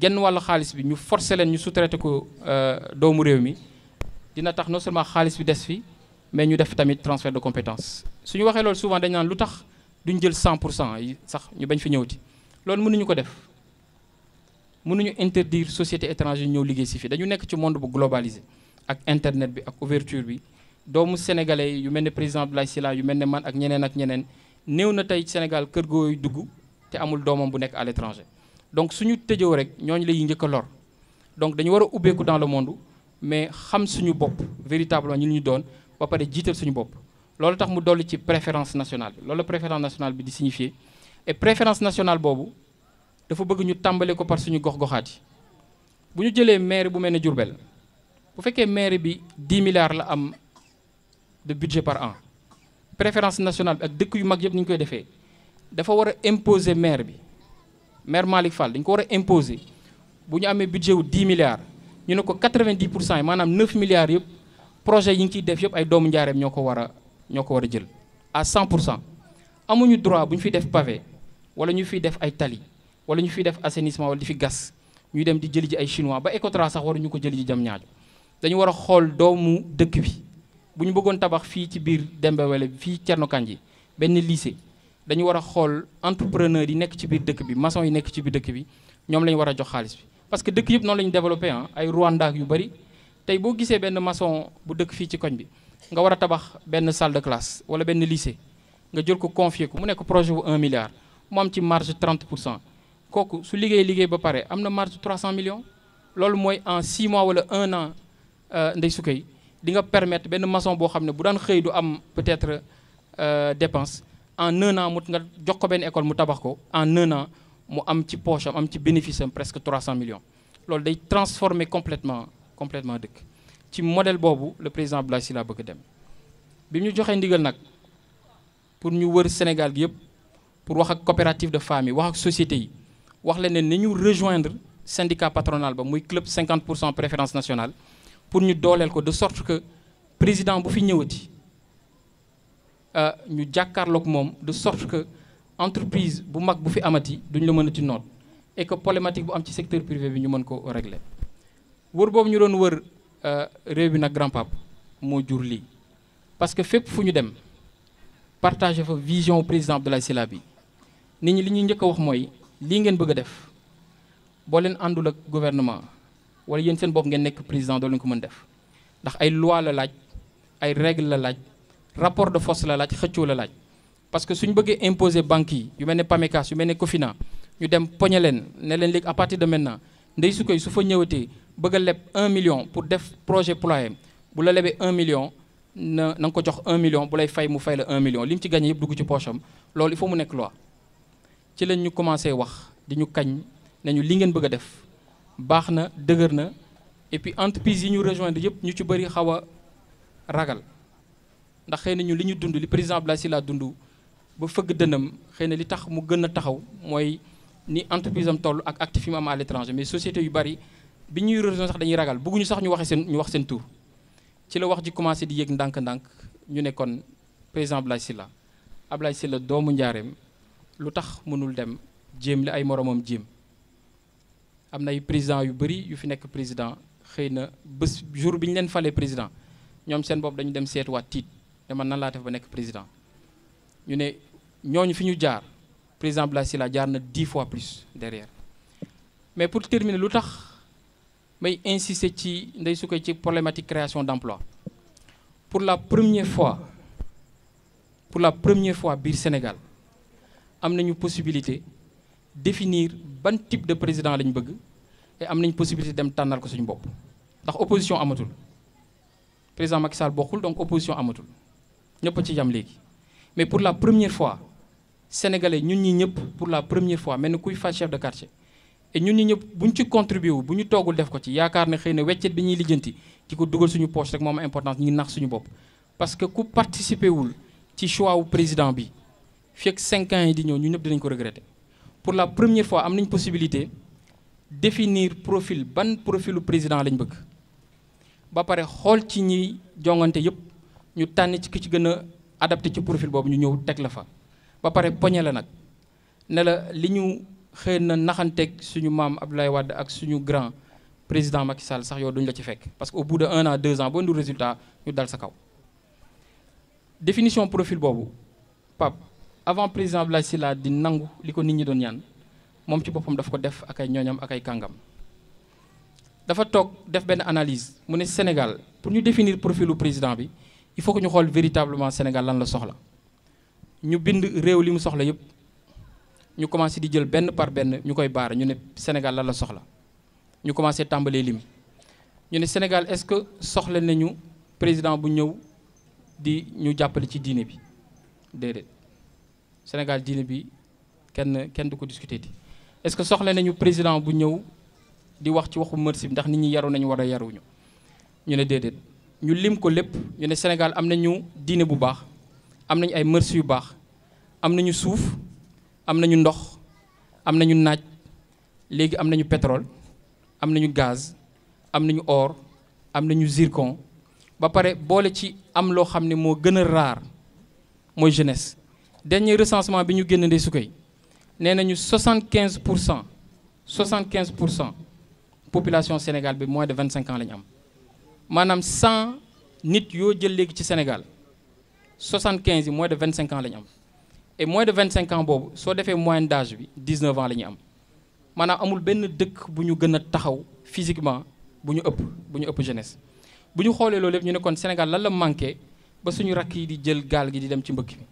genn wàllu xaalis bi ñu forcé leen ñu sous-traité ko euh, doomu réew mi dina tax non seulement xaalis bi des fi mais ñu def tamit transfert de compétence su ñu waxee loolu souvent dañ naan lu tax duñ jël 100 pour cent yi sax ñu bañ fi ñëwti loolu mënuñu ko def mënuñu interdire société étrangère ñëw liggéey si fii dañu nekk ci monde bu globalisé ak internet bi ak ouverture bi doomu sénégalais yu mel ne président Blay Sila yu mel ne man ak ñeneen ak ñeneen. néew na tey Sénégal kër gooy dugg te amul doomam bu nekk à l'étranger donc suñu tëjoo rek ñooñu lay njëkk lor donc dañu war a ubbeeku dans le monde mais xam suñu bopp véritablement ñun ñu doon ba pare jiital suñu bopp loolu tax mu dolli ci préférence nationale bi loolu préférence nationale bi di signifier et préférence nationale boobu dafa bëgg ñu tàmbali ko par suñu gox-goxaat bu ñu jëlee maire bu mel ne Diourbel bu fekkee maire bi 10 milliards la am de budget par an préférence nationale bi ak dëkk yu mag yëpp ni ñu koy defee dafa war a imposer maire bi maire Malick Fall dañu ko war a imposer bu ñu amee budget wu 10 milliards ñu ne ko 90 pour cent yi maanaam 9 milliards yëpp projet yi ngi ciy def yëpp ay doomu njaareem ñoo ko war a ñoo ko war a jël à cent pour cent amuñu droit bu ñu fi def pavé wala ñu fiy def ay tali wala ñu fiy def assainissement wala di fi gas ñu dem di jëli ji ay chinois ba Ecotra sax waruñu ko jëli ji jam ñaaju dañu war a xool doomu dëkk bi bu ñu bëggoon tabax fii ci biir Dembélé fii Thierno Kandji benn lycée dañu war a xool entrepreneur yi nekk ci biir dëkk bi maçon yi nekk ci biir dëkk bi ñoom la ñu war a jox xaalis bi parce que dëkk yëpp noonu la ñu développé ah ay Rwanda yu bëri tey boo gisee benn maçon bu dëkk fii ci koñ bi nga war a tabax benn salle de classe wala benn lycée nga jël ko confier ko mu nekk projet bu un milliard mu am ci marge 30 pour cent kooku su liggéey liggéey ba pare am na marge 300 millions loolu mooy en 6 mois wala 1 an euh, ndey su di nga permettre benn mason boo xam ne bu daan xëy du am peut-être euh, dépense en un an mu nga jox ko benn école mu tabax ko en un an mu am ci poche am ci bénéfice am presque 300 millions loolu day transformer complètement complètement dëkk ci modèle boobu le président Abdoulaye Sylla bëgg dem bi ñu joxee ndigal nag pour ñu wër Sénégal gi yëpp pour wax ak coopérative de femmes yi wax ak société yi wax leen ne ni ñu rejoindre syndicat patronal ba muy club 50 pour cent préférence nationale pour ñu dooleel ko de sorte que président bu fi ñëwati euh, ñu jàkkaarlook moom de sorte que entreprise bu mag bu fi amati duñ la mën a ci noot et que problématique bu am ci secteur privé bi ñu mën ko régler wër boobu ñu doon wër euh, réew bi nag grand pape moo jur lii parce que fépp fu ñu dem partagé fa vision président Abdoulaye Sylla bi nit ñi li ñu njëkk a wax mooy lii ngeen bëgg a def boo leen àndul ak gouvernement wala yéen seen bopp ngeen nekk président doo leen ko mën def ndax ay loi la laaj ay règle la laaj rapport de force la laaj xëccoo la laaj parce que suñu bëggee imposer banque yi yu mel ne PAMECAS yu mel ne COFINA ñu dem poñe leen ne leen léegi à partir de maintenant ndey su koy su fa ñëwatee bëgg a leb un million pour def projet ployé bu la lebee 1 million na na ko jox un million bu lay fay mu fay la 1 million li mu ci gagné yëpp dugg ci poche am loolu il faut nekk loi ci lañ ñu commencé wax di kañ nañu li ngeen bëgg def baax na dëgër na et puis entreprise yi ñu rejoindre yëpp ñu ci bëri xaw a ragal ndax xëy nañu li ñu dund li président Abdoulaye Sylla dund ba fëgg dënam xëy na li tax mu gën a taxaw mooy ni entreprise am toll ak actif yi mu am à l'étranger mais société yu bëri bi ñuy rejoindre sax dañuy ragal bëgguñu sax ñu waxe seen ñu wax seen ci la wax ji commencé di yéeg ndànk-ndànk ñu ne kon président Abdoulaye Sylla Abdoulaye Sylla doomu njaareem lu tax mënul dem jéem li ay moromam jéem am na ay président yu bëri yu fi nekk président xëy na bés jour bi ñu leen falee président ñoom seen bopp dañu dem seetuwaat tiit ne man nan laa def ba nekk président ñu ne ñooñu fi ñu jaar président Blay Sylla jaar na dix fois plus derrière mais pour terminer lu tax may insister ci ndey su koy ci problématique création d'emploi pour la première fois pour la première fois biir Sénégal am nañu possibilité définir ban type de président lañu bëgg te am nañ possibilité dem tànnal ko suñu bopp ndax opposition amatul président Macky Sall bokkul donc opposition amatul ñëpp ci yam léegi mais pour la première fois sénégalais ñun ñi ñëpp pour la première fois mel ni kuy fal chef de quartier et ñun ñëpp bu ñu ci contribué wu bu ñu toogul def ko ci yaakaar ne xëy na weccet bi ñuy lijjanti ci ko dugal suñu poche rek moom importance ñu nax suñu bopp parce que ku participer wul ci choix wu président bi fii ak cinq ans yi di ñëw ñu ñëpp dinañ ko regretter pour la première fois am nañ possibilité définir profil ban profilu président lañ bëgg ba pare xool ci ñiy jongante yëpp ñu tànn ci ki ci gën a adapté ci profil boobu ñu ñëw teg la fa ba pare poñe la nag ne la li ñu xëy na naxanteeg suñu maam Abdoulaye Wade ak suñu grand président Macky Sall sax yow duñu la ci fekk parce que au bout de un an deux ans boo ndu résultat ñu dal sa kaw définition profil boobu Pape avant président Abdoulaye Sylla di nangu li ko nit ñi doon ñaan moom ci boppam daf ko def ak ay ñooñam ak ay kàngam dafa toog def benn analyse mu ne Sénégal pour ñu définir profilu président bi il faut que ñu xool véritablement Sénégal lan la soxla ñu bind réew li mu soxla yëpp ñu commencé di jël benn par benn ñu koy baar ñu ne Sénégal lan la soxla ñu commencé tàmbalee lim ñu ne Sénégal est-ce que soxla nañu président bu ñëw di ñu jàppale ci diine bi déedéet. Sénégal diine bi kenn kenn du ko discuter di est que soxla nañu président bu ñëw di wax ci waxu merci bi ndax nit ñi yaru nañu war a yaruñu ñu ne déedéet ñu lim ko lépp ñu ne Sénégal am nañu diine bu baax am nañu ay merci yu baax am nañu suuf am nañu ndox am nañu naaj léegi am nañu pétrole am nañu gaz am nañu or am nañu zircon ba pare boole ci am loo xam ne moo gën a raar mooy jeunesse dernier recensement bi ñu génn ndey su koy nee nañu 75 pour cent 75 pour cent population Sénégal bi moins de 25 ans lañu am maanaam cent nit yoo jël léegi ci Sénégal 75 yi moins de 25 ans la ñu am et moins de 25 ans boobu soo defee moyenne d'âge bi 19 ans la ñu am maanaam amul benn dëkk bu ñu gën a taxaw physiquement bu ñu ëpp bu ñu ëpp jeunesse. bu ñu xoolee loolu yëpp ñu nekkoon Sénégal lan la manqué ba suñu rakk yi di jël gaal gi di dem ci mbëkk mi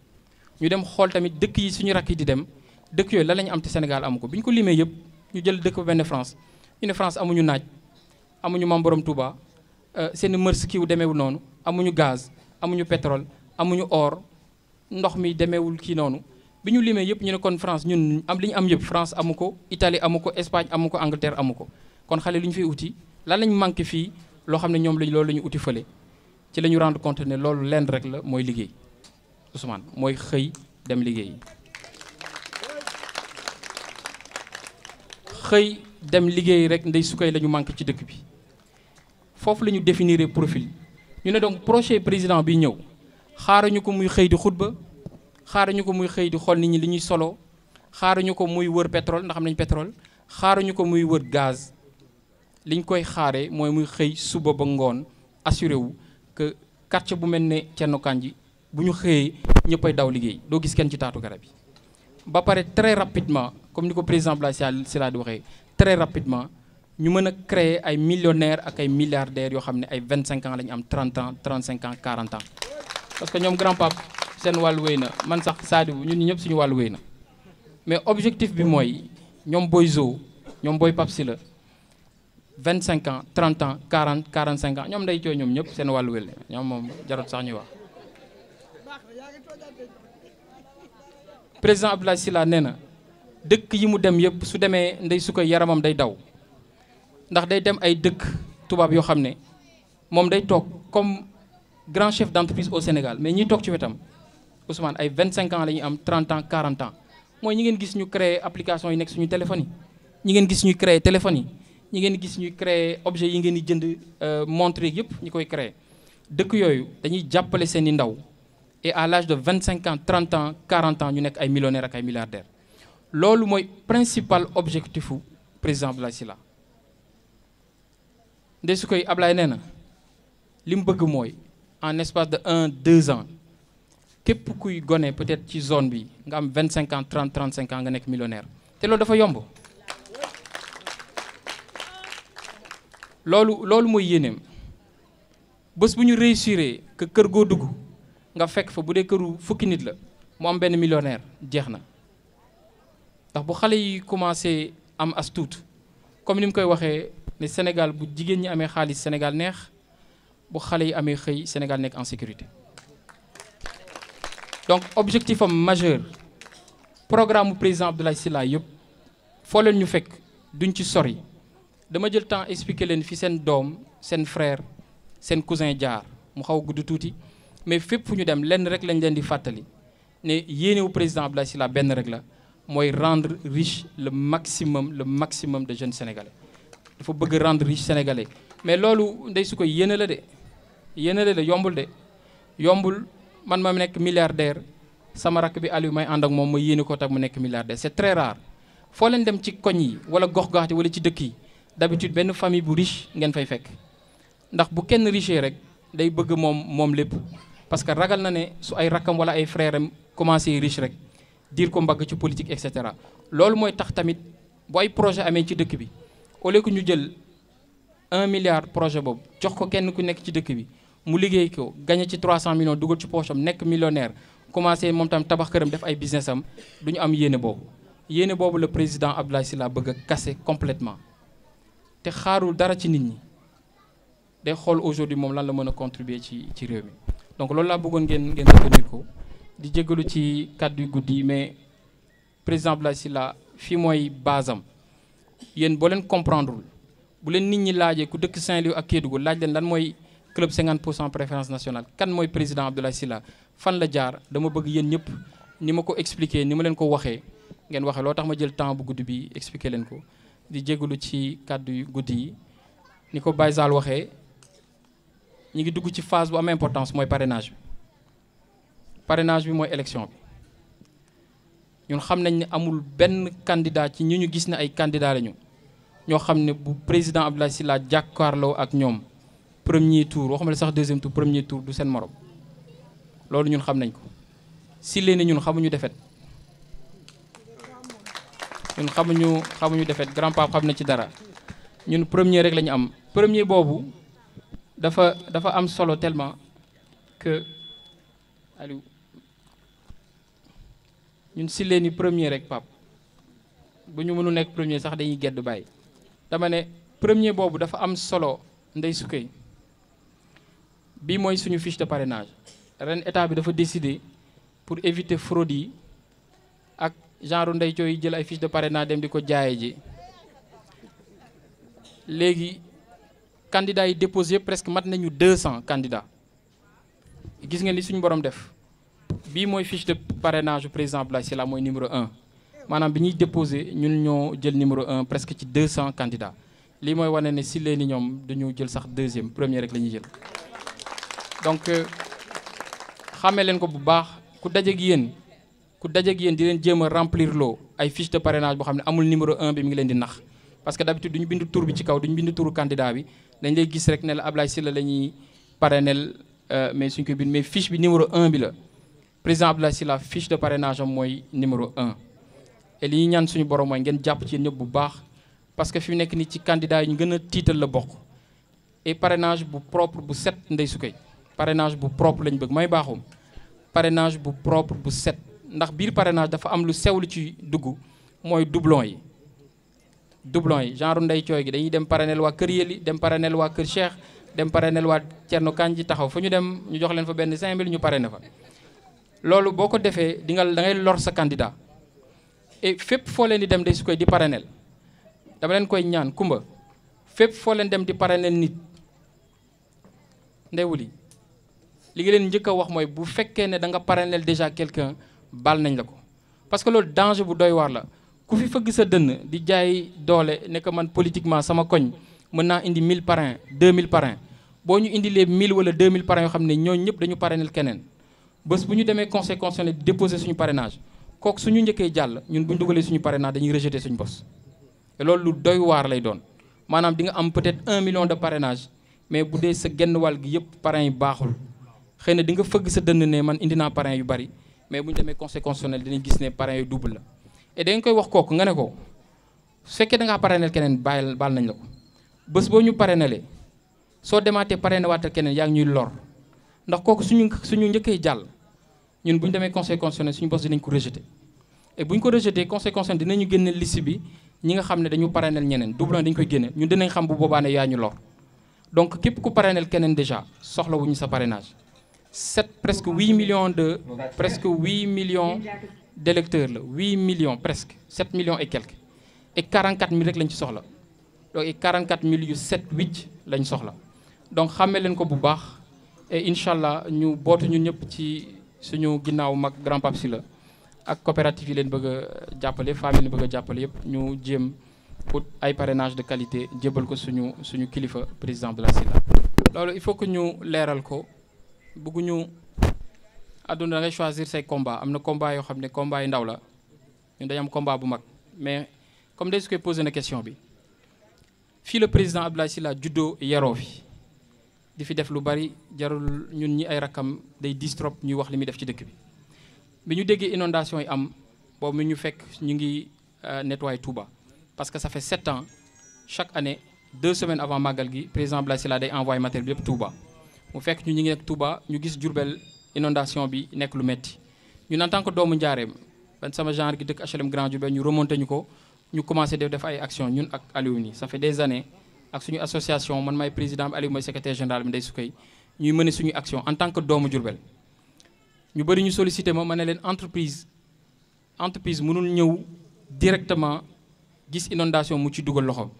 ñu dem xool tamit dëkk yi suñu rakk yi di dem dëkk yooyu la la ñu am te Sénégal amu ko bi ñu ko limee yëpp ñu jël dëkk benn France ñu ne France amuñu naaj amuñu maam borom Touba euh, seen mërs kiiw demeewul noonu amuñu gaz amuñu pétrole amuñu or ndox mi demeewul kii noonu bi ñu limee yëpp ñu ne kon France ñun am li ñu am yëpp France amu ko Italie amu ko Espagne amu ko Angleterre amu ko kon xale li ñu fay uti lan lañ manqué fii loo xam ne ñoom lañ loolu lañu uti fële ci la ñu rendre compte loolu lenn rek la mooy liggéey Ousmane mooy xëy dem liggéey xëy dem liggéey rek ndey sukkay la ñu manqué ci dëkk bi foofu la ñu définir profil ñu ne donc projet président bi ñëw xaaruñu ko muy xëy di xutba xaaruñu ko muy xëy di xool nit ñi li ñuy solo xaaruñu ko muy wër pétrole ndaxam xam nañ pétrole xaaruñu ko muy wër gaz liñ koy xaare mooy muy xëy suba ba ngoon assuré wu que bu mel ni Thierno Kandji bu ñu xëyee ñëppay daw liggéey doo gis kenn ci taatu garab yi ba pare très rapidement comme ni ko président Blaye Sylla di waxee très rapidement ñu mën a créer ay millionnaires ak ay milliardaires yoo xam ne ay vingt cinq ans la am trente ans trente cinq ans quarante ans parce que ñoom grand pape seen wàllu wéy na man sax Sadibou ñun ñëpp suñu wàllu wéy na mais objectif bi mooy ñoom booy zoo ñoom booy Pape Sylla vingt cinq ans trente ans quarante quarante cinq ans ñoom day cooy ñoom ñëpp seen wàllu wéy ñoom moom jarot sax ñuy wax président Abdoulaye Sylla nee na dëkk yi mu dem yëpp su demee ndey su koy yaramam day daw ndax day dem ay dëkk tubaab yoo xam ne moom day toog comme grand chef d'entreprise au Sénégal mais ñiy toog ci wetam Ousmane ay 25 ans la ñuy am 30 ans 40 ans mooy ñi ngeen gis ñu créer application yi nekk suñu téléphone yi ñi ngeen gis ñuy créer téléphone yi ñi ngeen gis ñuy créer objet yi ngeen di jënd euh, montre yëpp ñi koy créer dëkk yooyu dañuy jàppale seeni ndaw et à lage de 25 ans 30 ans 40 ans ñu nekk ay millionnaires ak ay milliardaires loolu mooy principal objectif u président Abdoulaye Sylla nde su koy Ablaye nee na li mu bëgg mooy en espace de un deux ans képp kuy gone peut-être ci zone bi nga am 25 ans 30 35 ans nga nekk millionnaire te loolu dafa yomb loolu loolu mooy yéeneem bés bu ñu réussir kër goo dugg nga fekk fa bu dee këru fukki nit la mu am benn millionnaire jeex na ndax bu xale yi commencé am as tuut comme ni mu koy waxee ne Sénégal bu jigéen ñi amee xaalis Sénégal neex bu xale yi amee xëy Sénégal nekk en sécurité donc objectif am majeur programme président Abdoulaye Sylla yëpp foo leen ñu fekk duñ ci sori dama jël temps expliqué leen fi seen doom seen frère seen cousin jaar mu xaw a gudd tuuti mais fépp fu ñu dem lenn rek lañ leen di fàttali ne yéenewu président Abdoulaye Sylla benn rek la mooy rendre riche le maximum le maximum de jeunes sénégalais dafa bëgg rendre riche sénégalais mais loolu ndey su ko yéene la de yéene la de yombul de yombul man ma nekk milliardaire sama rakk bi Aliou may ànd ak moom ma yéene ko tax mu nekk milliardaire c'est très rare foo leen dem ci koñ yi wala gox goxati wala ci dëkk yi d'habitude benn famille bu riche ngeen fay fekk ndax bu kenn riche rek day bëgg moom moom lépp parce que ragal na ne su ay rakkam wala ay frère am commencé riche rek diir ko mbagg ci politique et cetera loolu mooy tax tamit bu ay projet amee ci dëkk bi au lieu ñu jël un milliard projet boobu jox ko kenn ku nekk ci dëkk bi mu liggéey ko gagné ci trois 300 millions dugal ci poche nekk millionnaire commencé moom tam tabax këram def ay business du ñu am yéene boobu yéene boobu la président Abdoulaye Sylla bëgg a casser completement te xaarul dara ci nit ñi day xool aujourd'hui moom lan la mën a contribuer ci ci réew mi donc loolu laa bëggoon ngeen ngeen retenir ko di jégalu ci kàddu yu guddi mais président Blay Sylla fii mooy basam yéen boo leen comprendre bu leen nit ñi laajee ku dëkk Saint-Louis ak Kédougou laaj leen lan mooy club 50 pour cent préférence nationale kan mooy président Abdoulaye Sylla fan la jaar dama bëgg yéen ñëpp ni ma ko expliquer ni ma leen ko waxee ngeen waxee loo tax ma jël temps bu guddi bi expliquer leen ko di jégalu ci kàddu yu guddi yi ni ko Baye waxee ñu ngi dugg ci phase bu am importance mooy parenage bi parrainage bi mooy élection bi ñun xam nañ ne amul benn candidat ci ñi ñu gis ne ay candidat lañu ñoo xam ne bu président Abdoulaye Sylla jàkkaarloo ak ñoom premier tour waxuma la sax deuxième tour premier tour du seen morom loolu ñun xam nañ ko si léegi ñun xamuñu defet ñun xamuñu xamuñu defet grand pape xam na ci dara ñun premier rek la am premier boobu. dafa dafa am solo tellement que Aliou ñun si leen ni premier rek pap bu ñu mënu nekk premier sax dañuy gedd bàyyi dama ne premier boobu dafa am solo ndey sukkay bii mooy suñu fiche de parrainage ren état bi dafa décider pour éviter fraude yi ak genre ndey cooy jël ay fiche de parrainage dem di ko jaaye ji léegi candidats yi déposé presque mat nañu deux cent candidats gis nga li suñu borom def bii mooy fiche de parrainage président Abdoulaye Sylla mooy numéro un maanaam bi ñuy déposé ñun ñoo jël numéro un presque ci deux cent candidats lii mooy wane ni si leen ni ñoom dañu jël sax deuxième premier rek la ñuy jël donc euh, xamee leen ko bu baax ku dajeeg yéen ku dajeeg yéen di leen jéem a remplir loo ay fiche de parrainage boo xam ne amul numéro un bi mu ngi leen di nax parce que d'habitude duñu bind tur bi ci kaw duñu bind turu candidat bi dañ lay gis rek ne la Ablaye Sylla la ñuy parrainel euh, mais suñ ko bind mais fiche bi numéro 1 bi la président Ablaye Sylla fiche de parrainage am mooy numéro 1. li ñuy ñaan suñu borom mooy ngeen jàpp ci ñëpp bu baax parce que fi mu nekk nii ci candidat yi ñu gën a tiital la bokk et parenage bu propre bu set ndey su koy bu propre lañ bëgg may baaxum parrainage bu propre bu set ndax biir parrainage dafa am lu sew lu ci dugg mooy doublon yi. doublon yi genre ndey cooy gi dañuy dem parrainel waa kër Yéli dem parrainel waa kër Cheikh dem parrainel waa Thierno Kandji taxaw fu ñu dem ñu jox leen fa benn 5000 ñu parrainé fa. loolu boo ko defee di nga da lor sa candidat et fépp foo leen di dem day su koy di parrainel dama leen koy ñaan kumba fépp foo leen dem di parrainel nit ndewuli li nga leen njëkk wax mooy bu fekkee ne da nga parrainel déjà quelque bal nañ la ko parce que loolu danger bu doy waar la. ku fi fëgg sa dënn di jaay doole ne que man politiquement sama koñ mën naa indi 1000 parrains mille parrains boo ñu indilee 1000 wala 2000 parrains yoo xam ne ñooñ ñëpp dañu parrainel keneen bés bu ñu demee conseil constitutionnel di déposer suñu parrainage kooku suñu njëkkee jàll ñun bu ñu dugalee suñu parrainage dañuy rejeter suñu bos loolu lu doy waar lay doon maanaam di nga am peut-être un million de parrainage mais bu dee sa genn wàll gi yëpp parrain baaxul xëy na di nga fëgg sa dënn ne man indi naa parrain yu bari mais bu ñu demee conseil constitutionnel dinañ gis ne parrain yu la et eh, dañ koy wax kooku nga ne ko su fekkee da ngaa parrainel keneen bàyyil baal nañ la ko bés boo ñu parrainelee soo demaatee parrainé waatal keneen yaa ngi ñuy lor ndax kooku suñu suñu njëkkee jàll ñun bu ñu demee conseil constitutionnel suñu bos dinañ ko rejeté et bu ñu ko rejeté conseil constitutionnel dinañu génne liste bi ñi nga xam ne dañu parrainel ñeneen doublon dañu koy génne ñun dinañ xam bu boobaa ne yaa ñu lor donc képp ku parrainel keneen déjà soxla wu ñu sa parrainage sept presque huit millions de presque huit millions d'électeurs la huit millions presque sept millions et quelques et quarante quatre mille rek lañ ci soxla donc et quarante quatre mille yu sept huit lañ soxla donc xàmmee leen ko bu baax et incha allah ñu bootu ñun ñëpp ci suñu ginnaaw mag grand pape la ak coopérative yi leen bëgg a jàppale famille yi bëgg a jàppale yëpp ñu jéem pour ay parrainage de qualité jébal ko suñu suñu kilifa président de loolu il faut que ñu leeral ko bëgguñu àdduna da ngay choisir say combat am na combat yoo xam ne combat yu ndaw la ñun dañu am combat bu mag mais comme dañ su koy posé na question bi fii la président Abdoulaye Sylla juddoo yaroo fi di fi def lu bari jarul ñun ñi ay rakkam day dis ñuy wax li muy def ci dëkk bi bi ñu déggee inondation yi am boobu mi ñu fekk ñu ngi euh, nettoyer Touba parce que ça fait sept ans chaque année deux semaines avant màggal gi président Abdoulaye Sylla day envoyé matériel bi yëpp Touba inondation bi nekk lu metti ñun en tant que doomu njaareem ban sama gi dëkk HLM Grand Diourbel ñu ko ñu commencé def def ay action ñun ak Aliou nii ça fait des années ak suñu association man maay président bi Aliou mooy secrétaire général bi Ndeye Soukey ñuy mëne suñu action en tant que doomu Diourbel ñu bëri ñu sollicité ma ma ne leen entreprise entreprise mënul ñëw directement gis inondation mu ci dugal loxo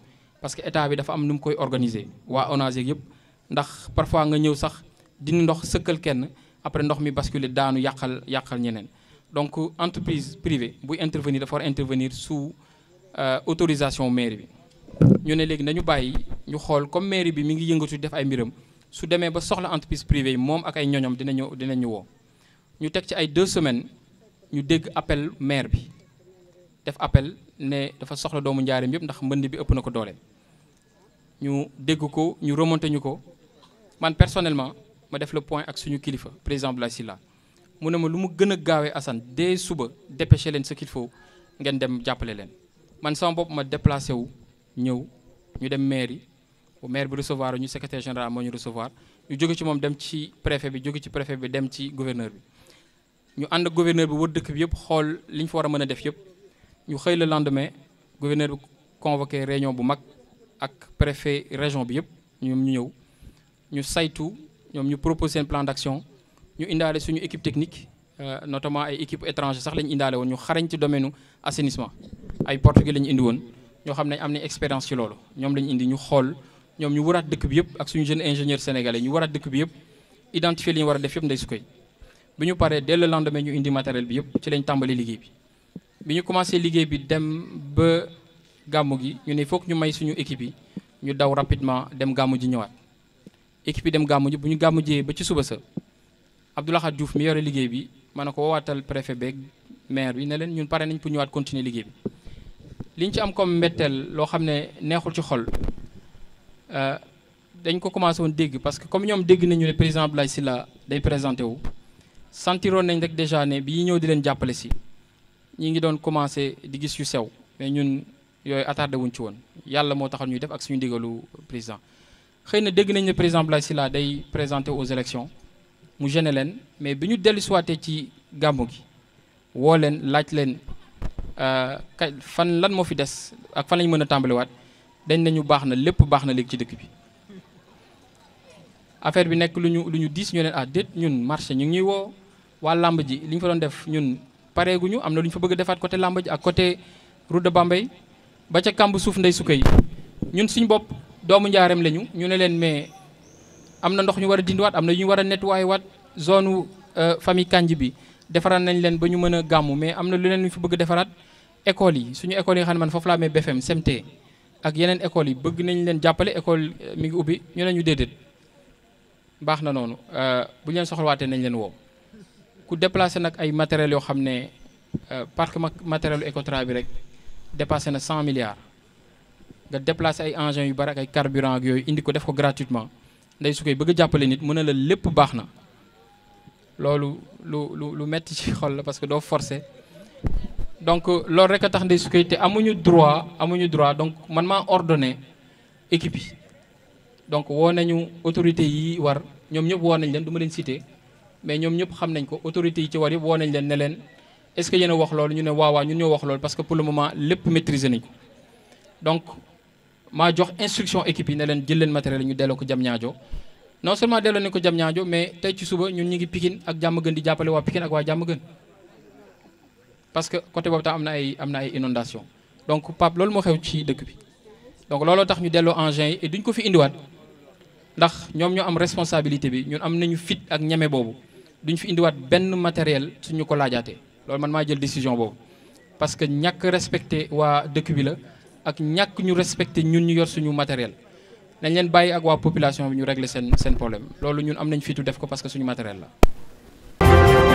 parce que état bi dafa am nu mu koy organiser waa ONAS yëpp ndax parfois nga ñëw sax dina ndox sëkkal kenn après ndox mi basculer daanu yàqal yàqal ñeneen donc entreprise privée buy intervenir dafa war a intervenir sous euh, autorisation maire bi ñu ne léegi nañu bàyyi ñu xool comme mairie bi mi ngi yëngatu def ay mbiram su demee ba soxla entreprise privée yi moom ak ay ñoñom dinañu dinañu woo ñu teg ci ay deux semaines ñu dégg appel maire bi def appel ne dafa soxla doomu njaarim yëpp ndax mbënd bi ëpp na ko doole ñu dégg ko ñu remonté ko man personnellement ma def le point ak suñu kilifa président Blay Sylla mu ne ma lu mu gën a gaawee Assane dès suba dépêché leen ce qu'il faut ngeen dem jàppale leen man sama bopp ma déplacé wu ñëw ñu dem mairie bu maire bi recevoir ñu secrétaire général moo ñu recevoir ñu jóge ci moom dem ci préfet bi jóge ci préfet bi dem ci gouverneur bi ñu ànd ak gouverneur bi wër dëkk bi yëpp xool li ñu fa war a mën a def yëpp ñu xëy le lendemain gouverneur bi convoqué région bu mag ak préfet région bi yëpp ñoom ñu ñëw saytu ñoom ñu propose plan d'action ñu indaale suñu équipe technique euh, notamment ay équipe étranger sax lañu indaale woon ñu xarañ ci domaine assainissement ay portugais lañu indi woon ñoo xam ne am nañ expérience ci loolu ñoom lañu indi ñu xool ñoom ñu waraat dëkk bi yëpp ak suñu jeune ingénieur sénégalais ñu waraat dëkk bi yëpp identifier li ñu war a def yëpp ndey su koy bi ñu paree dell le lendemain ñu indi matériel bi yëpp ci lañ tàmbali liggéey bi bi ñu commencé liggéey bi dem ba gàmmu gi ñu ne foog ñu may suñu équipe yi ñu daw rapidement dem gàmmu ji ñëwaat équipe yi dem gàmmu bu ñu gàmmu jiyee ba ci suba sa Abdoulaye Diouf mi yore liggéey bi ma ne ko woowaatal préfet beeg maire bi ne leen ñun pare nañ pour ñëwaat continuer liggéey bi liñ ci am comme mbetteel loo xam ne neexul ci xol euh, dañ ko commencé woon dégg parce que comme ñoom dégg nañu ne président Abdoulaye la day présenté wu sentiroon nañ rek déjà ne bi ñëw di leen jàppale si ñi ngi doon commencé di gis yu sew mais ñun yooyu attardé wuñ ci woon yàlla moo taxal ñuy def ak suñu ndigalu président xëy na dégg nañ ne président Blay Sylla day présenté aux élections mu gêné leen mais bi ñu dellu siwaatee ci gàmbu gi woo leen laaj leen euh, kay fan lan moo fi des ak fan lañu mën a tàmbaliwaat dañ nañu baax na lépp baax na léegi ci dëkk bi affaire bi nekk lu ñu lu ñu diis ñu leen ah déet ñun marché ñu ngi woo waa làmb ji li ñu fa doon def ñun pareeguñu am na lu ñu fa bëgg defaat côté làmb ji ak côté route de Bambey ba ca kàmb suuf ndey sukka yi ñun suñu bopp doomu njaareem lañu ñu ne leen mais am na ndox ñu war a dindiwaat am na ñu war a nettoyé waat zone euh, famille Kandji bi defaraat nañ leen ba ñu mën a gàmmu mais am na lu leen fi bëgg defaraat école yi suñu école yi nga xam ne man foofu laa amee BFM CMT ak yeneen école yi bëgg nañ leen jàppale école euh, mi ngi ubbi ñu ne ñu déedéet baax na noonu euh, bu ñu leen soxlawaatee nañ leen woo ku déplacé nag ay matériels yoo xam ne parc matériel écotra bi rek dépassé na 100 milliards. nga déplacer ay engins yu bari ak ay carburant ak yooyu indi ko def ko gratuitement ndey su koy bëgg jàppale nit mën na la lépp baax na loolu lu lu lu metti ci xol la parce que doo forcer donc loolu rek a tax ndey su koy te amuñu droit amuñu droit donc man maa ordonné équipe yi donc woo nañu autorité yi war ñoom ñëpp woo nañ leen du ma leen cité mais ñoom ñëpp xam nañ ko autorité yi ci war yëpp woo nañ leen ne leen est-ce que yéen a wax loolu ñu ne waaw waaw ñun wax loolu parce que pour le lépp maîtriser nañ maa jox instruction équipe yi ne leen jël leen matériel ñu delloo ko jam ñaajo non seulement delloo nañ ko jam ñaajo mais tey ci suba ñun ñu ngi pikin ak jàmm gën di jàppale waa Pikine ak waa jàmm gën parce que côté boobu tam am na ay am na ay inondation donc Pape loolu moo xew ci dëkk bi donc looloo tax ñu delloo engins yi et duñ ko fi indiwaat ndax ñoom ñoo am responsabilité bi ñun am nañu fit ak ñeme boobu duñ fi indiwaat benn matériel ñu ko laajaatee loolu man maa jël décision boobu parce que ñàkk respecté waa dëkk bi la ak ñàkk ñu respecté ñun ñu yor suñu matériel nañ leen bàyyi ak waa population bi ñu régler seen seen problème loolu ñun am nañ fitu def ko parce que suñu matériel la